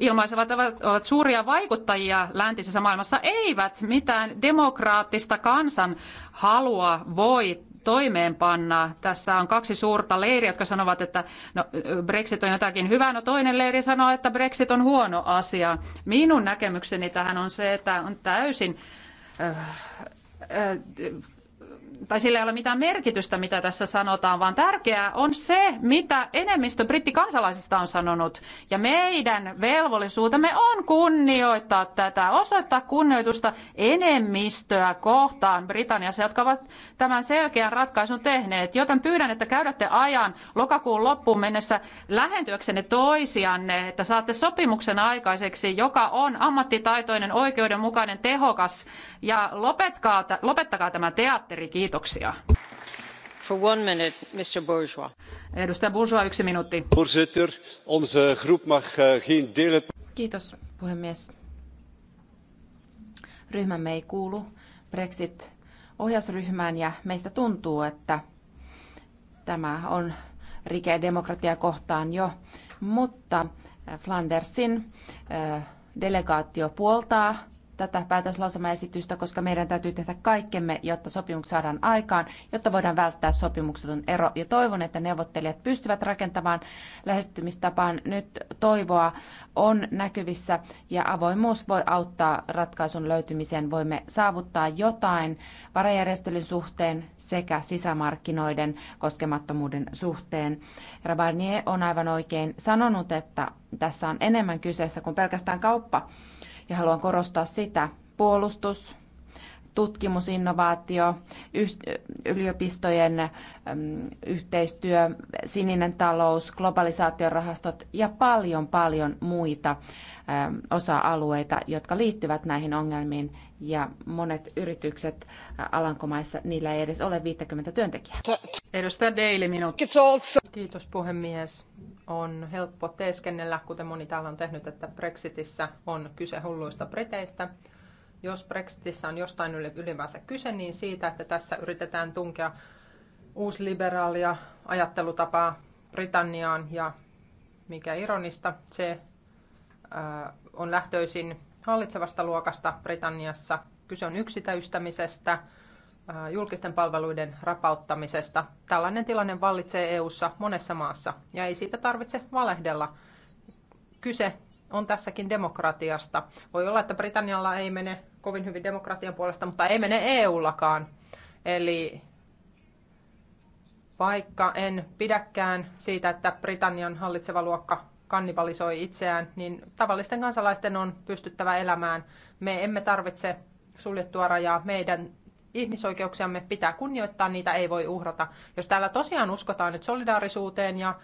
ilmaisevat ovat suuria vaikuttajia läntisessä maailmassa, eivät mitään demokraattista kansan halua voi toimeenpanna. Tässä on kaksi suurta leiriä, jotka sanovat, että no, Brexit on jotakin hyvää. No toinen leiri sanoo, että Brexit on huono asia. Minun näkemykseni tähän on se, että on täysin äh, äh, tai sillä ei ole mitään merkitystä, mitä tässä sanotaan, vaan tärkeää on se, mitä enemmistö brittikansalaisista on sanonut. Ja meidän velvollisuutemme on kunnioittaa tätä, osoittaa kunnioitusta enemmistöä kohtaan Britanniassa, jotka ovat tämän selkeän ratkaisun tehneet. Joten pyydän, että käydätte ajan lokakuun loppuun mennessä lähentyäksenne toisianne, että saatte sopimuksen aikaiseksi, joka on ammattitaitoinen, oikeudenmukainen, tehokas. Ja lopetkaa, lopettakaa tämä teatterikin Kiitoksia. For one minute, Mr. Bourgeois. Edustaja Bourgeois, yksi minuutti. Voorzitter, onze eh, Kiitos, puhemies. Ryhmämme ei kuulu Brexit-ohjausryhmään ja meistä tuntuu, että tämä on rike demokratia kohtaan jo, mutta Flandersin eh, delegaatio puoltaa tätä päätöslauselmaesitystä, koska meidän täytyy tehdä kaikkemme, jotta sopimukset saadaan aikaan, jotta voidaan välttää sopimukseton ero. Ja toivon, että neuvottelijat pystyvät rakentamaan lähestymistapaan. Nyt toivoa on näkyvissä ja avoimuus voi auttaa ratkaisun löytymiseen. Voimme saavuttaa jotain varajärjestelyn suhteen sekä sisämarkkinoiden koskemattomuuden suhteen. Rabarnier on aivan oikein sanonut, että tässä on enemmän kyseessä kuin pelkästään kauppa ja haluan korostaa sitä, puolustus, Tutkimusinnovaatio, yliopistojen yhteistyö, sininen talous, globalisaatiorahastot ja paljon paljon muita osa-alueita, jotka liittyvät näihin ongelmiin ja monet yritykset Alankomaissa, niillä ei edes ole 50 työntekijää. Edustaja Daily minuutti. Kiitos puhemies. On helppo teeskennellä, kuten moni täällä on tehnyt, että Brexitissä on kyse hulluista Briteistä, jos Brexitissä on jostain ylipäänsä kyse, niin siitä, että tässä yritetään tunkea uusliberaalia ajattelutapaa Britanniaan ja mikä ironista, se on lähtöisin hallitsevasta luokasta Britanniassa. Kyse on yksityistämisestä, julkisten palveluiden rapauttamisesta. Tällainen tilanne vallitsee EU:ssa monessa maassa ja ei siitä tarvitse valehdella. Kyse on tässäkin demokratiasta. Voi olla, että Britannialla ei mene kovin hyvin demokratian puolesta, mutta ei mene EUllakaan. Eli vaikka en pidäkään siitä, että Britannian hallitseva luokka kannibalisoi itseään, niin tavallisten kansalaisten on pystyttävä elämään. Me emme tarvitse suljettua rajaa. Meidän ihmisoikeuksiamme pitää kunnioittaa, niitä ei voi uhrata. Jos täällä tosiaan uskotaan nyt solidaarisuuteen ja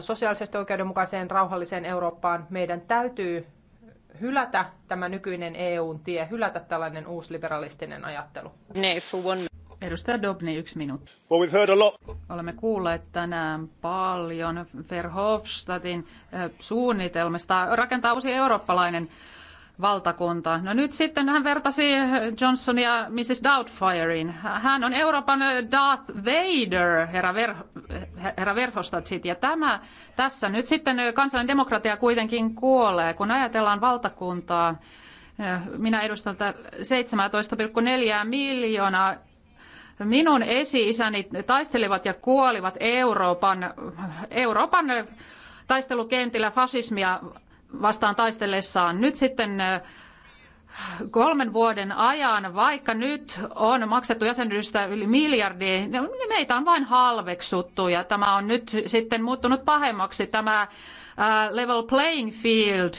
sosiaalisesti oikeudenmukaiseen rauhalliseen Eurooppaan. Meidän täytyy hylätä tämä nykyinen EUn tie, hylätä tällainen uusliberalistinen ajattelu. for one... Edustaja Dobni, yksi minuutti. Well, we've heard a lot. Olemme kuulleet tänään paljon Verhofstadtin eh, suunnitelmista rakentaa uusi eurooppalainen valtakunta. No nyt sitten hän vertasi eh, Johnsonia Mrs. Doubtfirein. Hän on Euroopan eh, Darth Vader, herra, Ver, eh, herra Verhofstadtsit, ja tämä tässä nyt sitten kansallinen demokratia kuitenkin kuolee, kun ajatellaan valtakuntaa. Minä edustan 17,4 miljoonaa minun esi-isäni taistelivat ja kuolivat Euroopan, Euroopan taistelukentillä fasismia vastaan taistellessaan. Nyt sitten kolmen vuoden ajan, vaikka nyt on maksettu jäsenyydestä yli miljardi, niin meitä on vain halveksuttu ja tämä on nyt sitten muuttunut pahemmaksi tämä level playing field,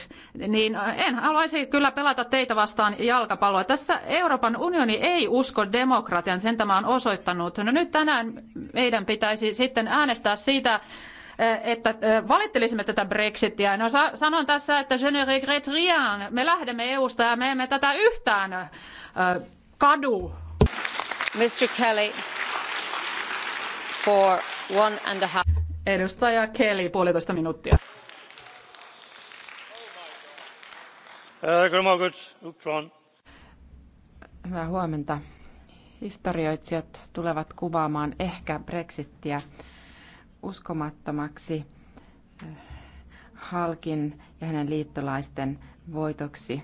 niin en haluaisi kyllä pelata teitä vastaan jalkapalloa. Tässä Euroopan unioni ei usko demokratian, sen tämä on osoittanut. No nyt tänään meidän pitäisi sitten äänestää siitä, Eh, että eh, valittelisimme tätä Brexitiä. No sanon tässä, että je ne regrette rien. Me lähdemme EUsta ja me emme tätä yhtään eh, kadu. Mr. Kelly, for one and a half. Edustaja Kelly, puolitoista minuuttia. Hyvää huomenta. Historioitsijat tulevat kuvaamaan ehkä Brexittiä uskomattomaksi eh, Halkin ja hänen liittolaisten voitoksi,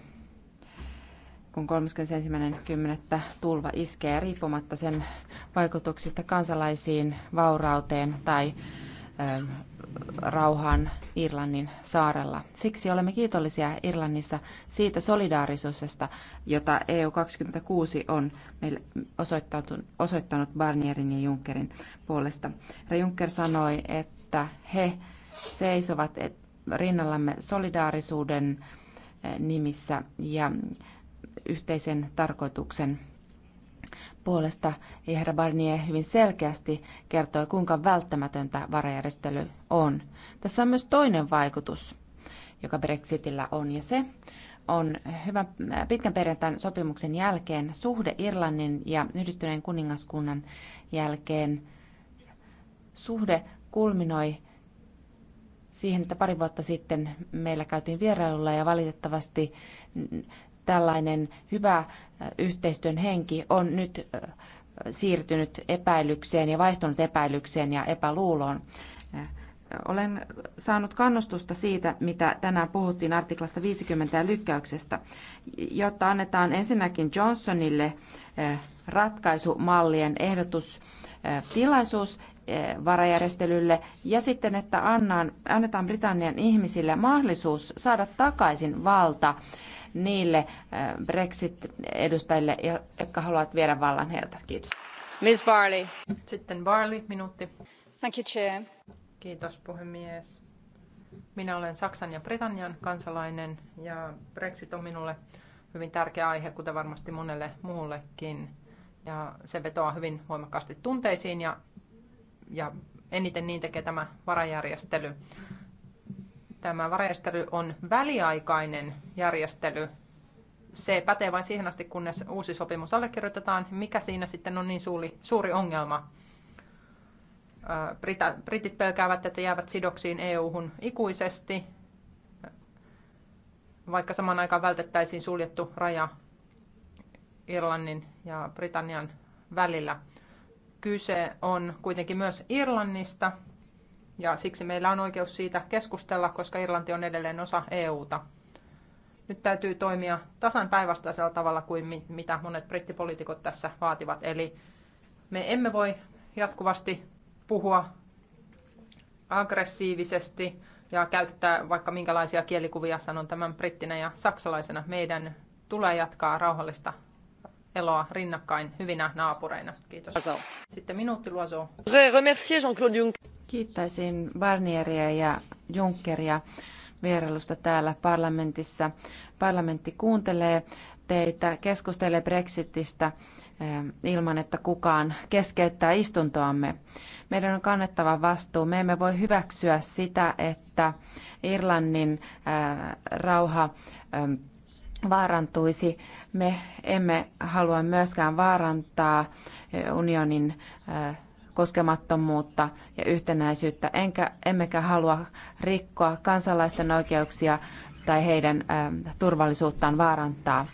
kun 31.10. tulva iskee riippumatta sen vaikutuksista kansalaisiin, vaurauteen tai eh, rauhaan Irlannin saarella. Siksi olemme kiitollisia Irlannista siitä solidaarisuudesta, jota EU26 on meille osoittanut Barnierin ja Junckerin puolesta. Juncker sanoi, että he seisovat rinnallamme solidaarisuuden eh, nimissä ja yhteisen tarkoituksen puolesta ja herra Barnier hyvin selkeästi kertoi, kuinka välttämätöntä varajärjestely on. Tässä on myös toinen vaikutus, joka Brexitillä on, ja se on hyvä, äh, pitkän perjantain sopimuksen jälkeen suhde Irlannin ja yhdistyneen kuningaskunnan jälkeen. Suhde kulminoi siihen, että pari vuotta sitten meillä käytiin vierailulla ja valitettavasti tällainen hyvä yhteistyön henki on nyt siirtynyt epäilykseen ja vaihtunut epäilykseen ja epäluuloon. Olen saanut kannustusta siitä, mitä tänään puhuttiin artiklasta 50 ja lykkäyksestä, jotta annetaan ensinnäkin Johnsonille ratkaisumallien ehdotustilaisuus varajärjestelylle ja sitten, että annetaan Britannian ihmisille mahdollisuus saada takaisin valta niille äh, Brexit-edustajille, jotka haluavat viedä vallan heiltä. Kiitos. Miss Barley. Sitten Barley, minuutti. Thank you, Chair. Kiitos puhemies. Minä olen Saksan ja Britannian kansalainen ja Brexit on minulle hyvin tärkeä aihe, kuten varmasti monelle muullekin. Ja se vetoaa hyvin voimakkaasti tunteisiin ja, ja eniten niin tekee tämä varajärjestely. Tämä varajärjestely on väliaikainen järjestely. Se pätee vain siihen asti, kunnes uusi sopimus allekirjoitetaan. Mikä siinä sitten on niin suuri, suuri ongelma? Brita, Britit pelkäävät, että jäävät sidoksiin EU-hun ikuisesti, vaikka samaan aikaan vältettäisiin suljettu raja Irlannin ja Britannian välillä. Kyse on kuitenkin myös Irlannista, ja siksi meillä on oikeus siitä keskustella, koska Irlanti on edelleen osa EUta. Nyt täytyy toimia tasan päinvastaisella tavalla kuin mitä monet brittipoliitikot tässä vaativat. Eli me emme voi jatkuvasti puhua aggressiivisesti ja käyttää vaikka minkälaisia kielikuvia, sanon tämän brittinä ja saksalaisena. Meidän tulee jatkaa rauhallista eloa rinnakkain hyvinä naapureina. Kiitos. Sitten minuutti Remercier Jean-Claude Juncker Kiittäisin Barnieria ja Junckeria vierailusta täällä parlamentissa. Parlamentti kuuntelee teitä, keskustelee Brexitistä ähm, ilman, että kukaan keskeyttää istuntoamme. Meidän on kannettava vastuu. Me emme voi hyväksyä sitä, että Irlannin äh, rauha ähm, vaarantuisi. Me emme halua myöskään vaarantaa äh, unionin äh, koskemattomuutta ja yhtenäisyyttä, enkä, emmekä halua rikkoa kansalaisten oikeuksia tai heidän turvallisuuttaan vaarantaa.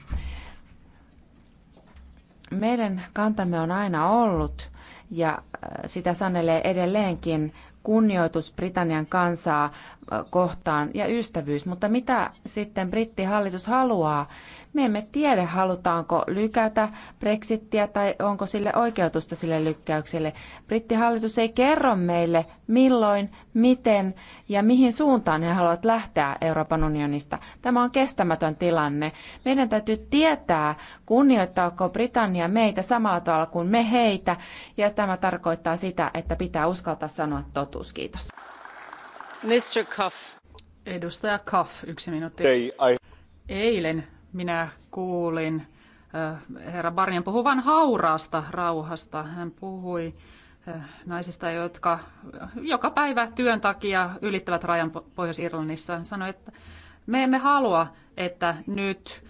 Meidän kantamme on aina ollut ja sitä sanelee edelleenkin kunnioitus Britannian kansaa äh, kohtaan ja ystävyys, mutta mitä sitten brittihallitus haluaa? Me emme tiedä, halutaanko lykätä Brexittiä tai onko sille oikeutusta sille lykkäykselle. Brittihallitus ei kerro meille, milloin miten ja mihin suuntaan he haluavat lähteä Euroopan unionista. Tämä on kestämätön tilanne. Meidän täytyy tietää, kunnioittaako Britannia meitä samalla tavalla kuin me heitä, ja tämä tarkoittaa sitä, että pitää uskaltaa sanoa totuus. Kiitos. Mr. Cuff. Edustaja Cuff, yksi minuutti. Eilen minä kuulin äh, herra Barnien puhuvan hauraasta rauhasta. Hän puhui Äh, naisista, jotka joka päivä työn takia ylittävät rajan Pohjois-Irlannissa. Sanoi, että me emme halua, että nyt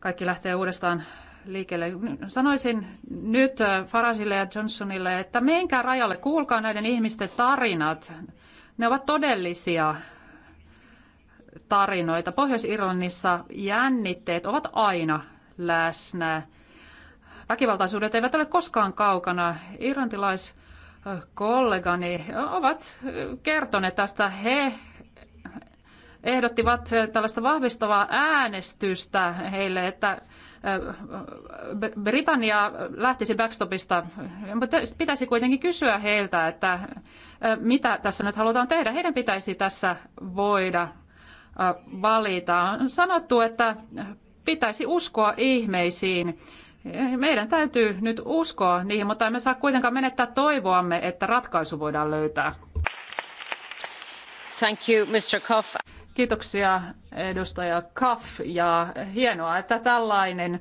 kaikki lähtee uudestaan liikkeelle. Sanoisin nyt äh, Farasille ja Johnsonille, että menkää rajalle, kuulkaa näiden ihmisten tarinat. Ne ovat todellisia tarinoita. Pohjois-Irlannissa jännitteet ovat aina läsnä väkivaltaisuudet eivät ole koskaan kaukana. Irlantilais kollegani ovat kertoneet tästä. He ehdottivat tällaista vahvistavaa äänestystä heille, että eh, Britannia lähtisi backstopista. Pitäisi kuitenkin kysyä heiltä, että eh, mitä tässä nyt halutaan tehdä. Heidän pitäisi tässä voida eh, valita. On sanottu, että pitäisi uskoa ihmeisiin. Meidän täytyy nyt uskoa niihin, mutta emme saa kuitenkaan menettää toivoamme, että ratkaisu voidaan löytää. Thank you, Mr. Koff. Kiitoksia edustaja Kaff ja hienoa, että tällainen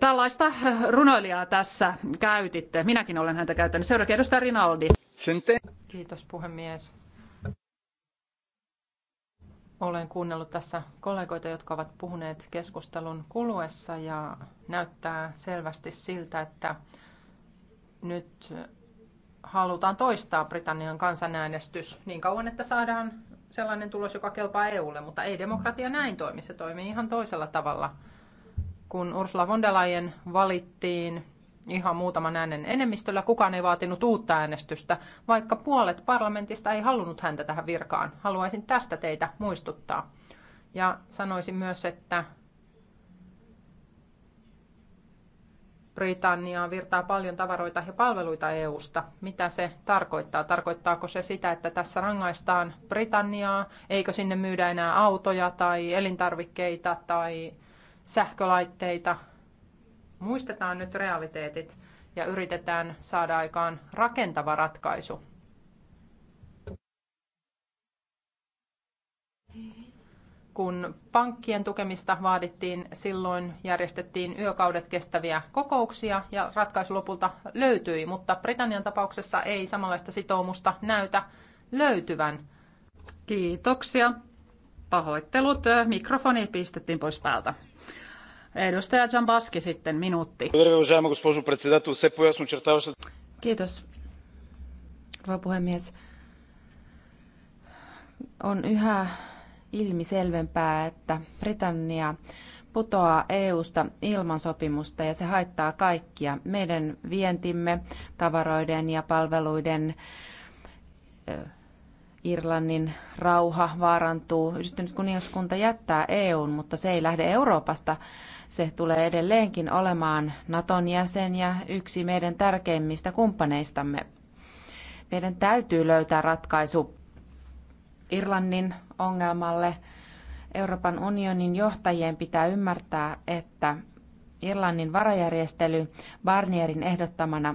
Tällaista runoilijaa tässä käytitte. Minäkin olen häntä käyttänyt. Seuraavaksi edustaja Rinaldi. Kiitos puhemies. Olen kuunnellut tässä kollegoita, jotka ovat puhuneet keskustelun kuluessa ja näyttää selvästi siltä, että nyt halutaan toistaa Britannian kansanäänestys niin kauan, että saadaan sellainen tulos, joka kelpaa EUlle, mutta ei demokratia näin toimi. Se toimii ihan toisella tavalla. Kun Ursula von der Leyen valittiin ihan muutaman äänen enemmistöllä. Kukaan ei vaatinut uutta äänestystä, vaikka puolet parlamentista ei halunnut häntä tähän virkaan. Haluaisin tästä teitä muistuttaa. Ja sanoisin myös, että Britanniaan virtaa paljon tavaroita ja palveluita EUsta. Mitä se tarkoittaa? Tarkoittaako se sitä, että tässä rangaistaan Britanniaa? Eikö sinne myydä enää autoja tai elintarvikkeita tai sähkölaitteita? Muistetaan nyt realiteetit ja yritetään saada aikaan rakentava ratkaisu. Kun pankkien tukemista vaadittiin, silloin järjestettiin yökaudet kestäviä kokouksia ja ratkaisu lopulta löytyi, mutta Britannian tapauksessa ei samanlaista sitoumusta näytä löytyvän. Kiitoksia. Pahoittelut, mikrofoni pistettiin pois päältä. Edustaja Jambaski sitten minuutti. Kiitos, rouva puhemies. On yhä ilmiselvempää, että Britannia putoaa EUsta ilman sopimusta ja se haittaa kaikkia meidän vientimme, tavaroiden ja palveluiden Irlannin rauha vaarantuu. Yhdistynyt kuningaskunta jättää EUn, mutta se ei lähde Euroopasta, se tulee edelleenkin olemaan Naton jäsen ja yksi meidän tärkeimmistä kumppaneistamme. Meidän täytyy löytää ratkaisu Irlannin ongelmalle. Euroopan unionin johtajien pitää ymmärtää, että Irlannin varajärjestely Barnierin ehdottamana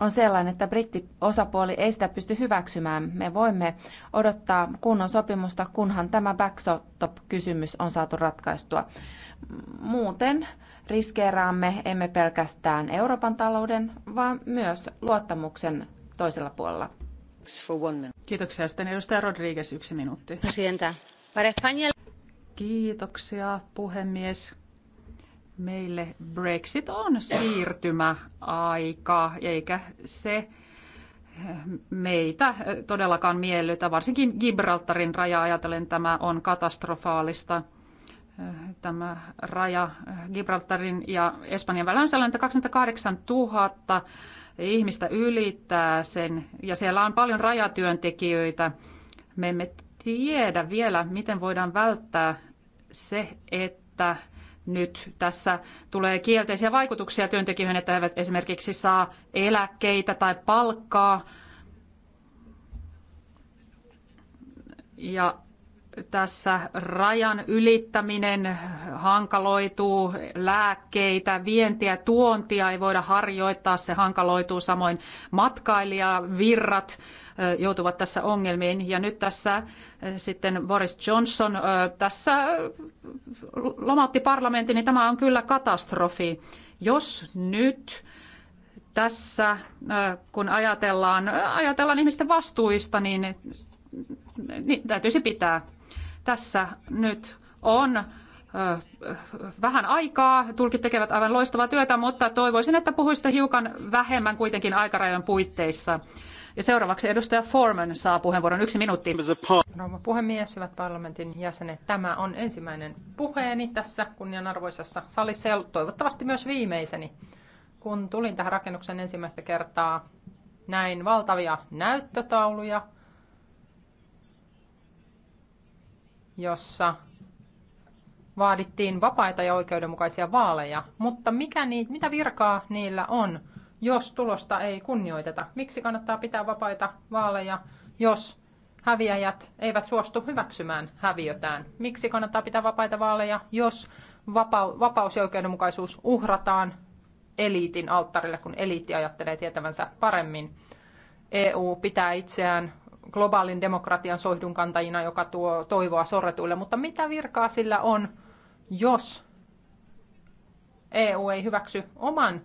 on sellainen, että brittiosapuoli ei sitä pysty hyväksymään. Me voimme odottaa kunnon sopimusta, kunhan tämä backstop-kysymys on saatu ratkaistua. Muuten riskeeraamme emme pelkästään Euroopan talouden, vaan myös luottamuksen toisella puolella. Kiitoksia. Sitten edustaja Rodriguez, yksi minuutti. Kiitoksia, puhemies. Meille Brexit on siirtymäaika, eikä se meitä todellakaan miellytä. Varsinkin Gibraltarin raja ajatellen tämä on katastrofaalista. Tämä raja Gibraltarin ja Espanjan välillä on sellainen, että 28 000 ihmistä ylittää sen. Ja siellä on paljon rajatyöntekijöitä. Me emme tiedä vielä, miten voidaan välttää se, että nyt tässä tulee kielteisiä vaikutuksia työntekijöihin, että he eivät esimerkiksi saa eläkkeitä tai palkkaa. Ja tässä rajan ylittäminen hankaloituu, lääkkeitä, vientiä, tuontia ei voida harjoittaa, se hankaloituu, samoin matkailijavirrat joutuvat tässä ongelmiin. Ja nyt tässä sitten Boris Johnson tässä lomautti parlamentin, niin tämä on kyllä katastrofi. Jos nyt tässä, kun ajatellaan, ajatellaan ihmisten vastuista, niin niin täytyisi pitää tässä nyt on vähän aikaa. Tulkit tekevät aivan loistavaa työtä, mutta toivoisin, että puhuisitte hiukan vähemmän kuitenkin aikarajojen puitteissa. Ja seuraavaksi edustaja Forman saa puheenvuoron yksi minuutti. Rouva puhemies, hyvät parlamentin jäsenet, tämä on ensimmäinen puheeni tässä kunnianarvoisessa salissa ja toivottavasti myös viimeiseni. Kun tulin tähän rakennuksen ensimmäistä kertaa, näin valtavia näyttötauluja – jossa vaadittiin vapaita ja oikeudenmukaisia vaaleja, mutta mikä niitä, mitä virkaa niillä on, jos tulosta ei kunnioiteta? Miksi kannattaa pitää vapaita vaaleja, jos häviäjät eivät suostu hyväksymään häviötään? Miksi kannattaa pitää vapaita vaaleja, jos vapaus ja oikeudenmukaisuus uhrataan eliitin alttarille, kun eliitti ajattelee tietävänsä paremmin? EU pitää itseään globaalin demokratian soihdunkantajina, joka tuo toivoa sorretuille. Mutta mitä virkaa sillä on, jos EU ei hyväksy oman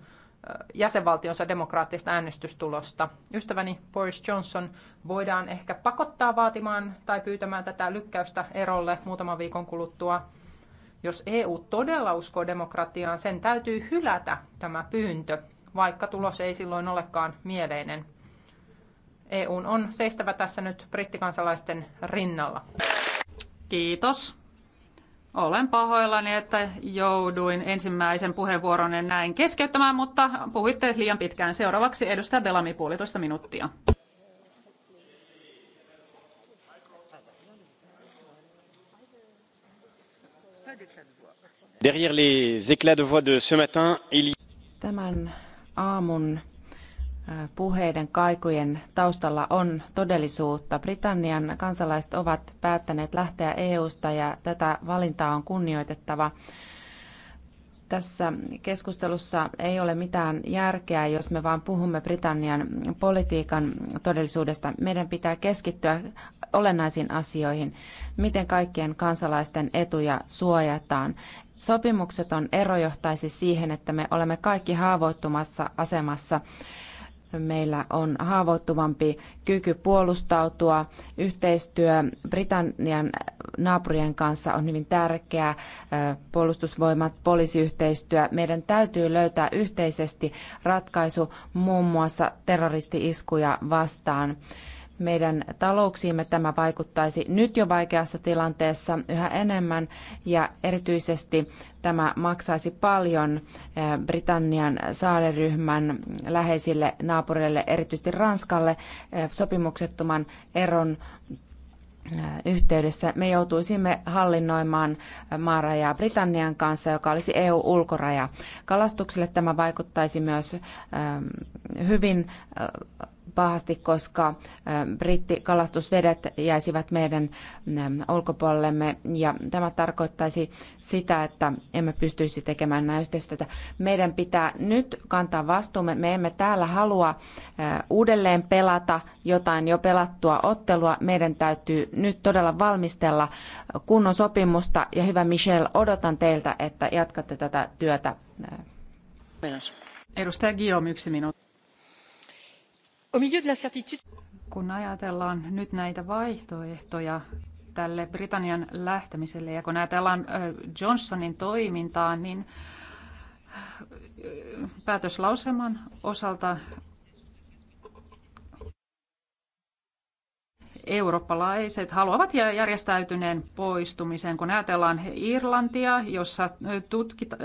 jäsenvaltionsa demokraattista äänestystulosta. Ystäväni Boris Johnson voidaan ehkä pakottaa vaatimaan tai pyytämään tätä lykkäystä erolle muutaman viikon kuluttua. Jos EU todella uskoo demokratiaan, sen täytyy hylätä tämä pyyntö, vaikka tulos ei silloin olekaan mieleinen. EUn on seistävä tässä nyt brittikansalaisten rinnalla. Kiitos. Olen pahoillani, että jouduin ensimmäisen puheenvuoronne näin keskeyttämään, mutta puhuitte liian pitkään. Seuraavaksi edustaja Belami puolitoista minuuttia. Derrière les éclats de voix de ce matin, il... Tämän aamun puheiden kaikujen taustalla on todellisuutta. Britannian kansalaiset ovat päättäneet lähteä EUsta ja tätä valintaa on kunnioitettava. Tässä keskustelussa ei ole mitään järkeä, jos me vaan puhumme Britannian politiikan todellisuudesta. Meidän pitää keskittyä olennaisiin asioihin, miten kaikkien kansalaisten etuja suojataan, Sopimukset on erojohtaisi siihen, että me olemme kaikki haavoittumassa asemassa meillä on haavoittuvampi kyky puolustautua. Yhteistyö Britannian naapurien kanssa on hyvin tärkeää. Puolustusvoimat, poliisiyhteistyö. Meidän täytyy löytää yhteisesti ratkaisu muun muassa terroristi-iskuja vastaan meidän talouksiimme tämä vaikuttaisi nyt jo vaikeassa tilanteessa yhä enemmän ja erityisesti tämä maksaisi paljon eh, Britannian saareryhmän läheisille naapureille, erityisesti Ranskalle, eh, sopimuksettoman eron eh, yhteydessä me joutuisimme hallinnoimaan maarajaa Britannian kanssa, joka olisi EU-ulkoraja. Kalastukselle tämä vaikuttaisi myös hyvin pahasti, koska brittikalastusvedet jäisivät meidän ulkopuolellemme ja tämä tarkoittaisi sitä, että emme pystyisi tekemään enää yhteistyötä. Meidän pitää nyt kantaa vastuumme. Me emme täällä halua uudelleen pelata jotain jo pelattua ottelua. Meidän täytyy nyt todella valmistella kunnon sopimusta ja hyvä Michelle, odotan teiltä, että jatkatte tätä työtä. Edustaja Guillaume, yksi minuutti. Kun ajatellaan nyt näitä vaihtoehtoja tälle Britannian lähtemiselle ja kun ajatellaan Johnsonin toimintaa, niin päätöslauselman osalta eurooppalaiset haluavat järjestäytyneen poistumisen. Kun ajatellaan Irlantia, jossa tutkita,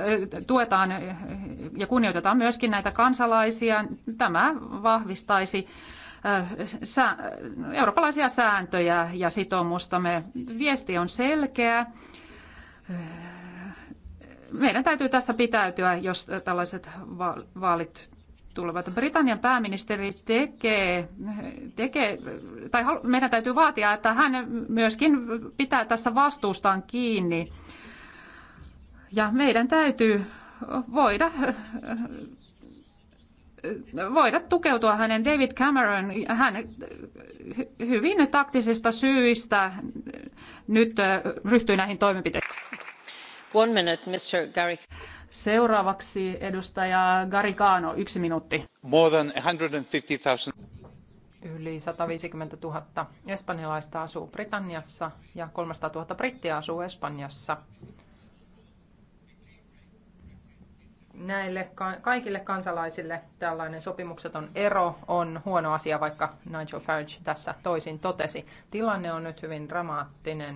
tuetaan ja kunnioitetaan myöskin näitä kansalaisia, tämä vahvistaisi eurooppalaisia sääntöjä ja sitoumustamme. Viesti on selkeä. Meidän täytyy tässä pitäytyä, jos tällaiset vaalit tulevat. Britannian pääministeri tekee, tekee tai meidän täytyy vaatia, että hän myöskin pitää tässä vastuustaan kiinni. Ja meidän täytyy voida voida tukeutua hänen David Cameron, hän hyvin taktisista syistä nyt ryhtyy näihin toimenpiteisiin. One minute, Mr. Gary. Seuraavaksi edustaja Garikano, yksi minuutti. More than 150 000 yli 150 000 espanjalaista asuu Britanniassa ja 300 000 brittiä asuu Espanjassa. Näille kaikille kansalaisille tällainen sopimukseton ero on huono asia, vaikka Nigel Farage tässä toisin totesi. Tilanne on nyt hyvin dramaattinen.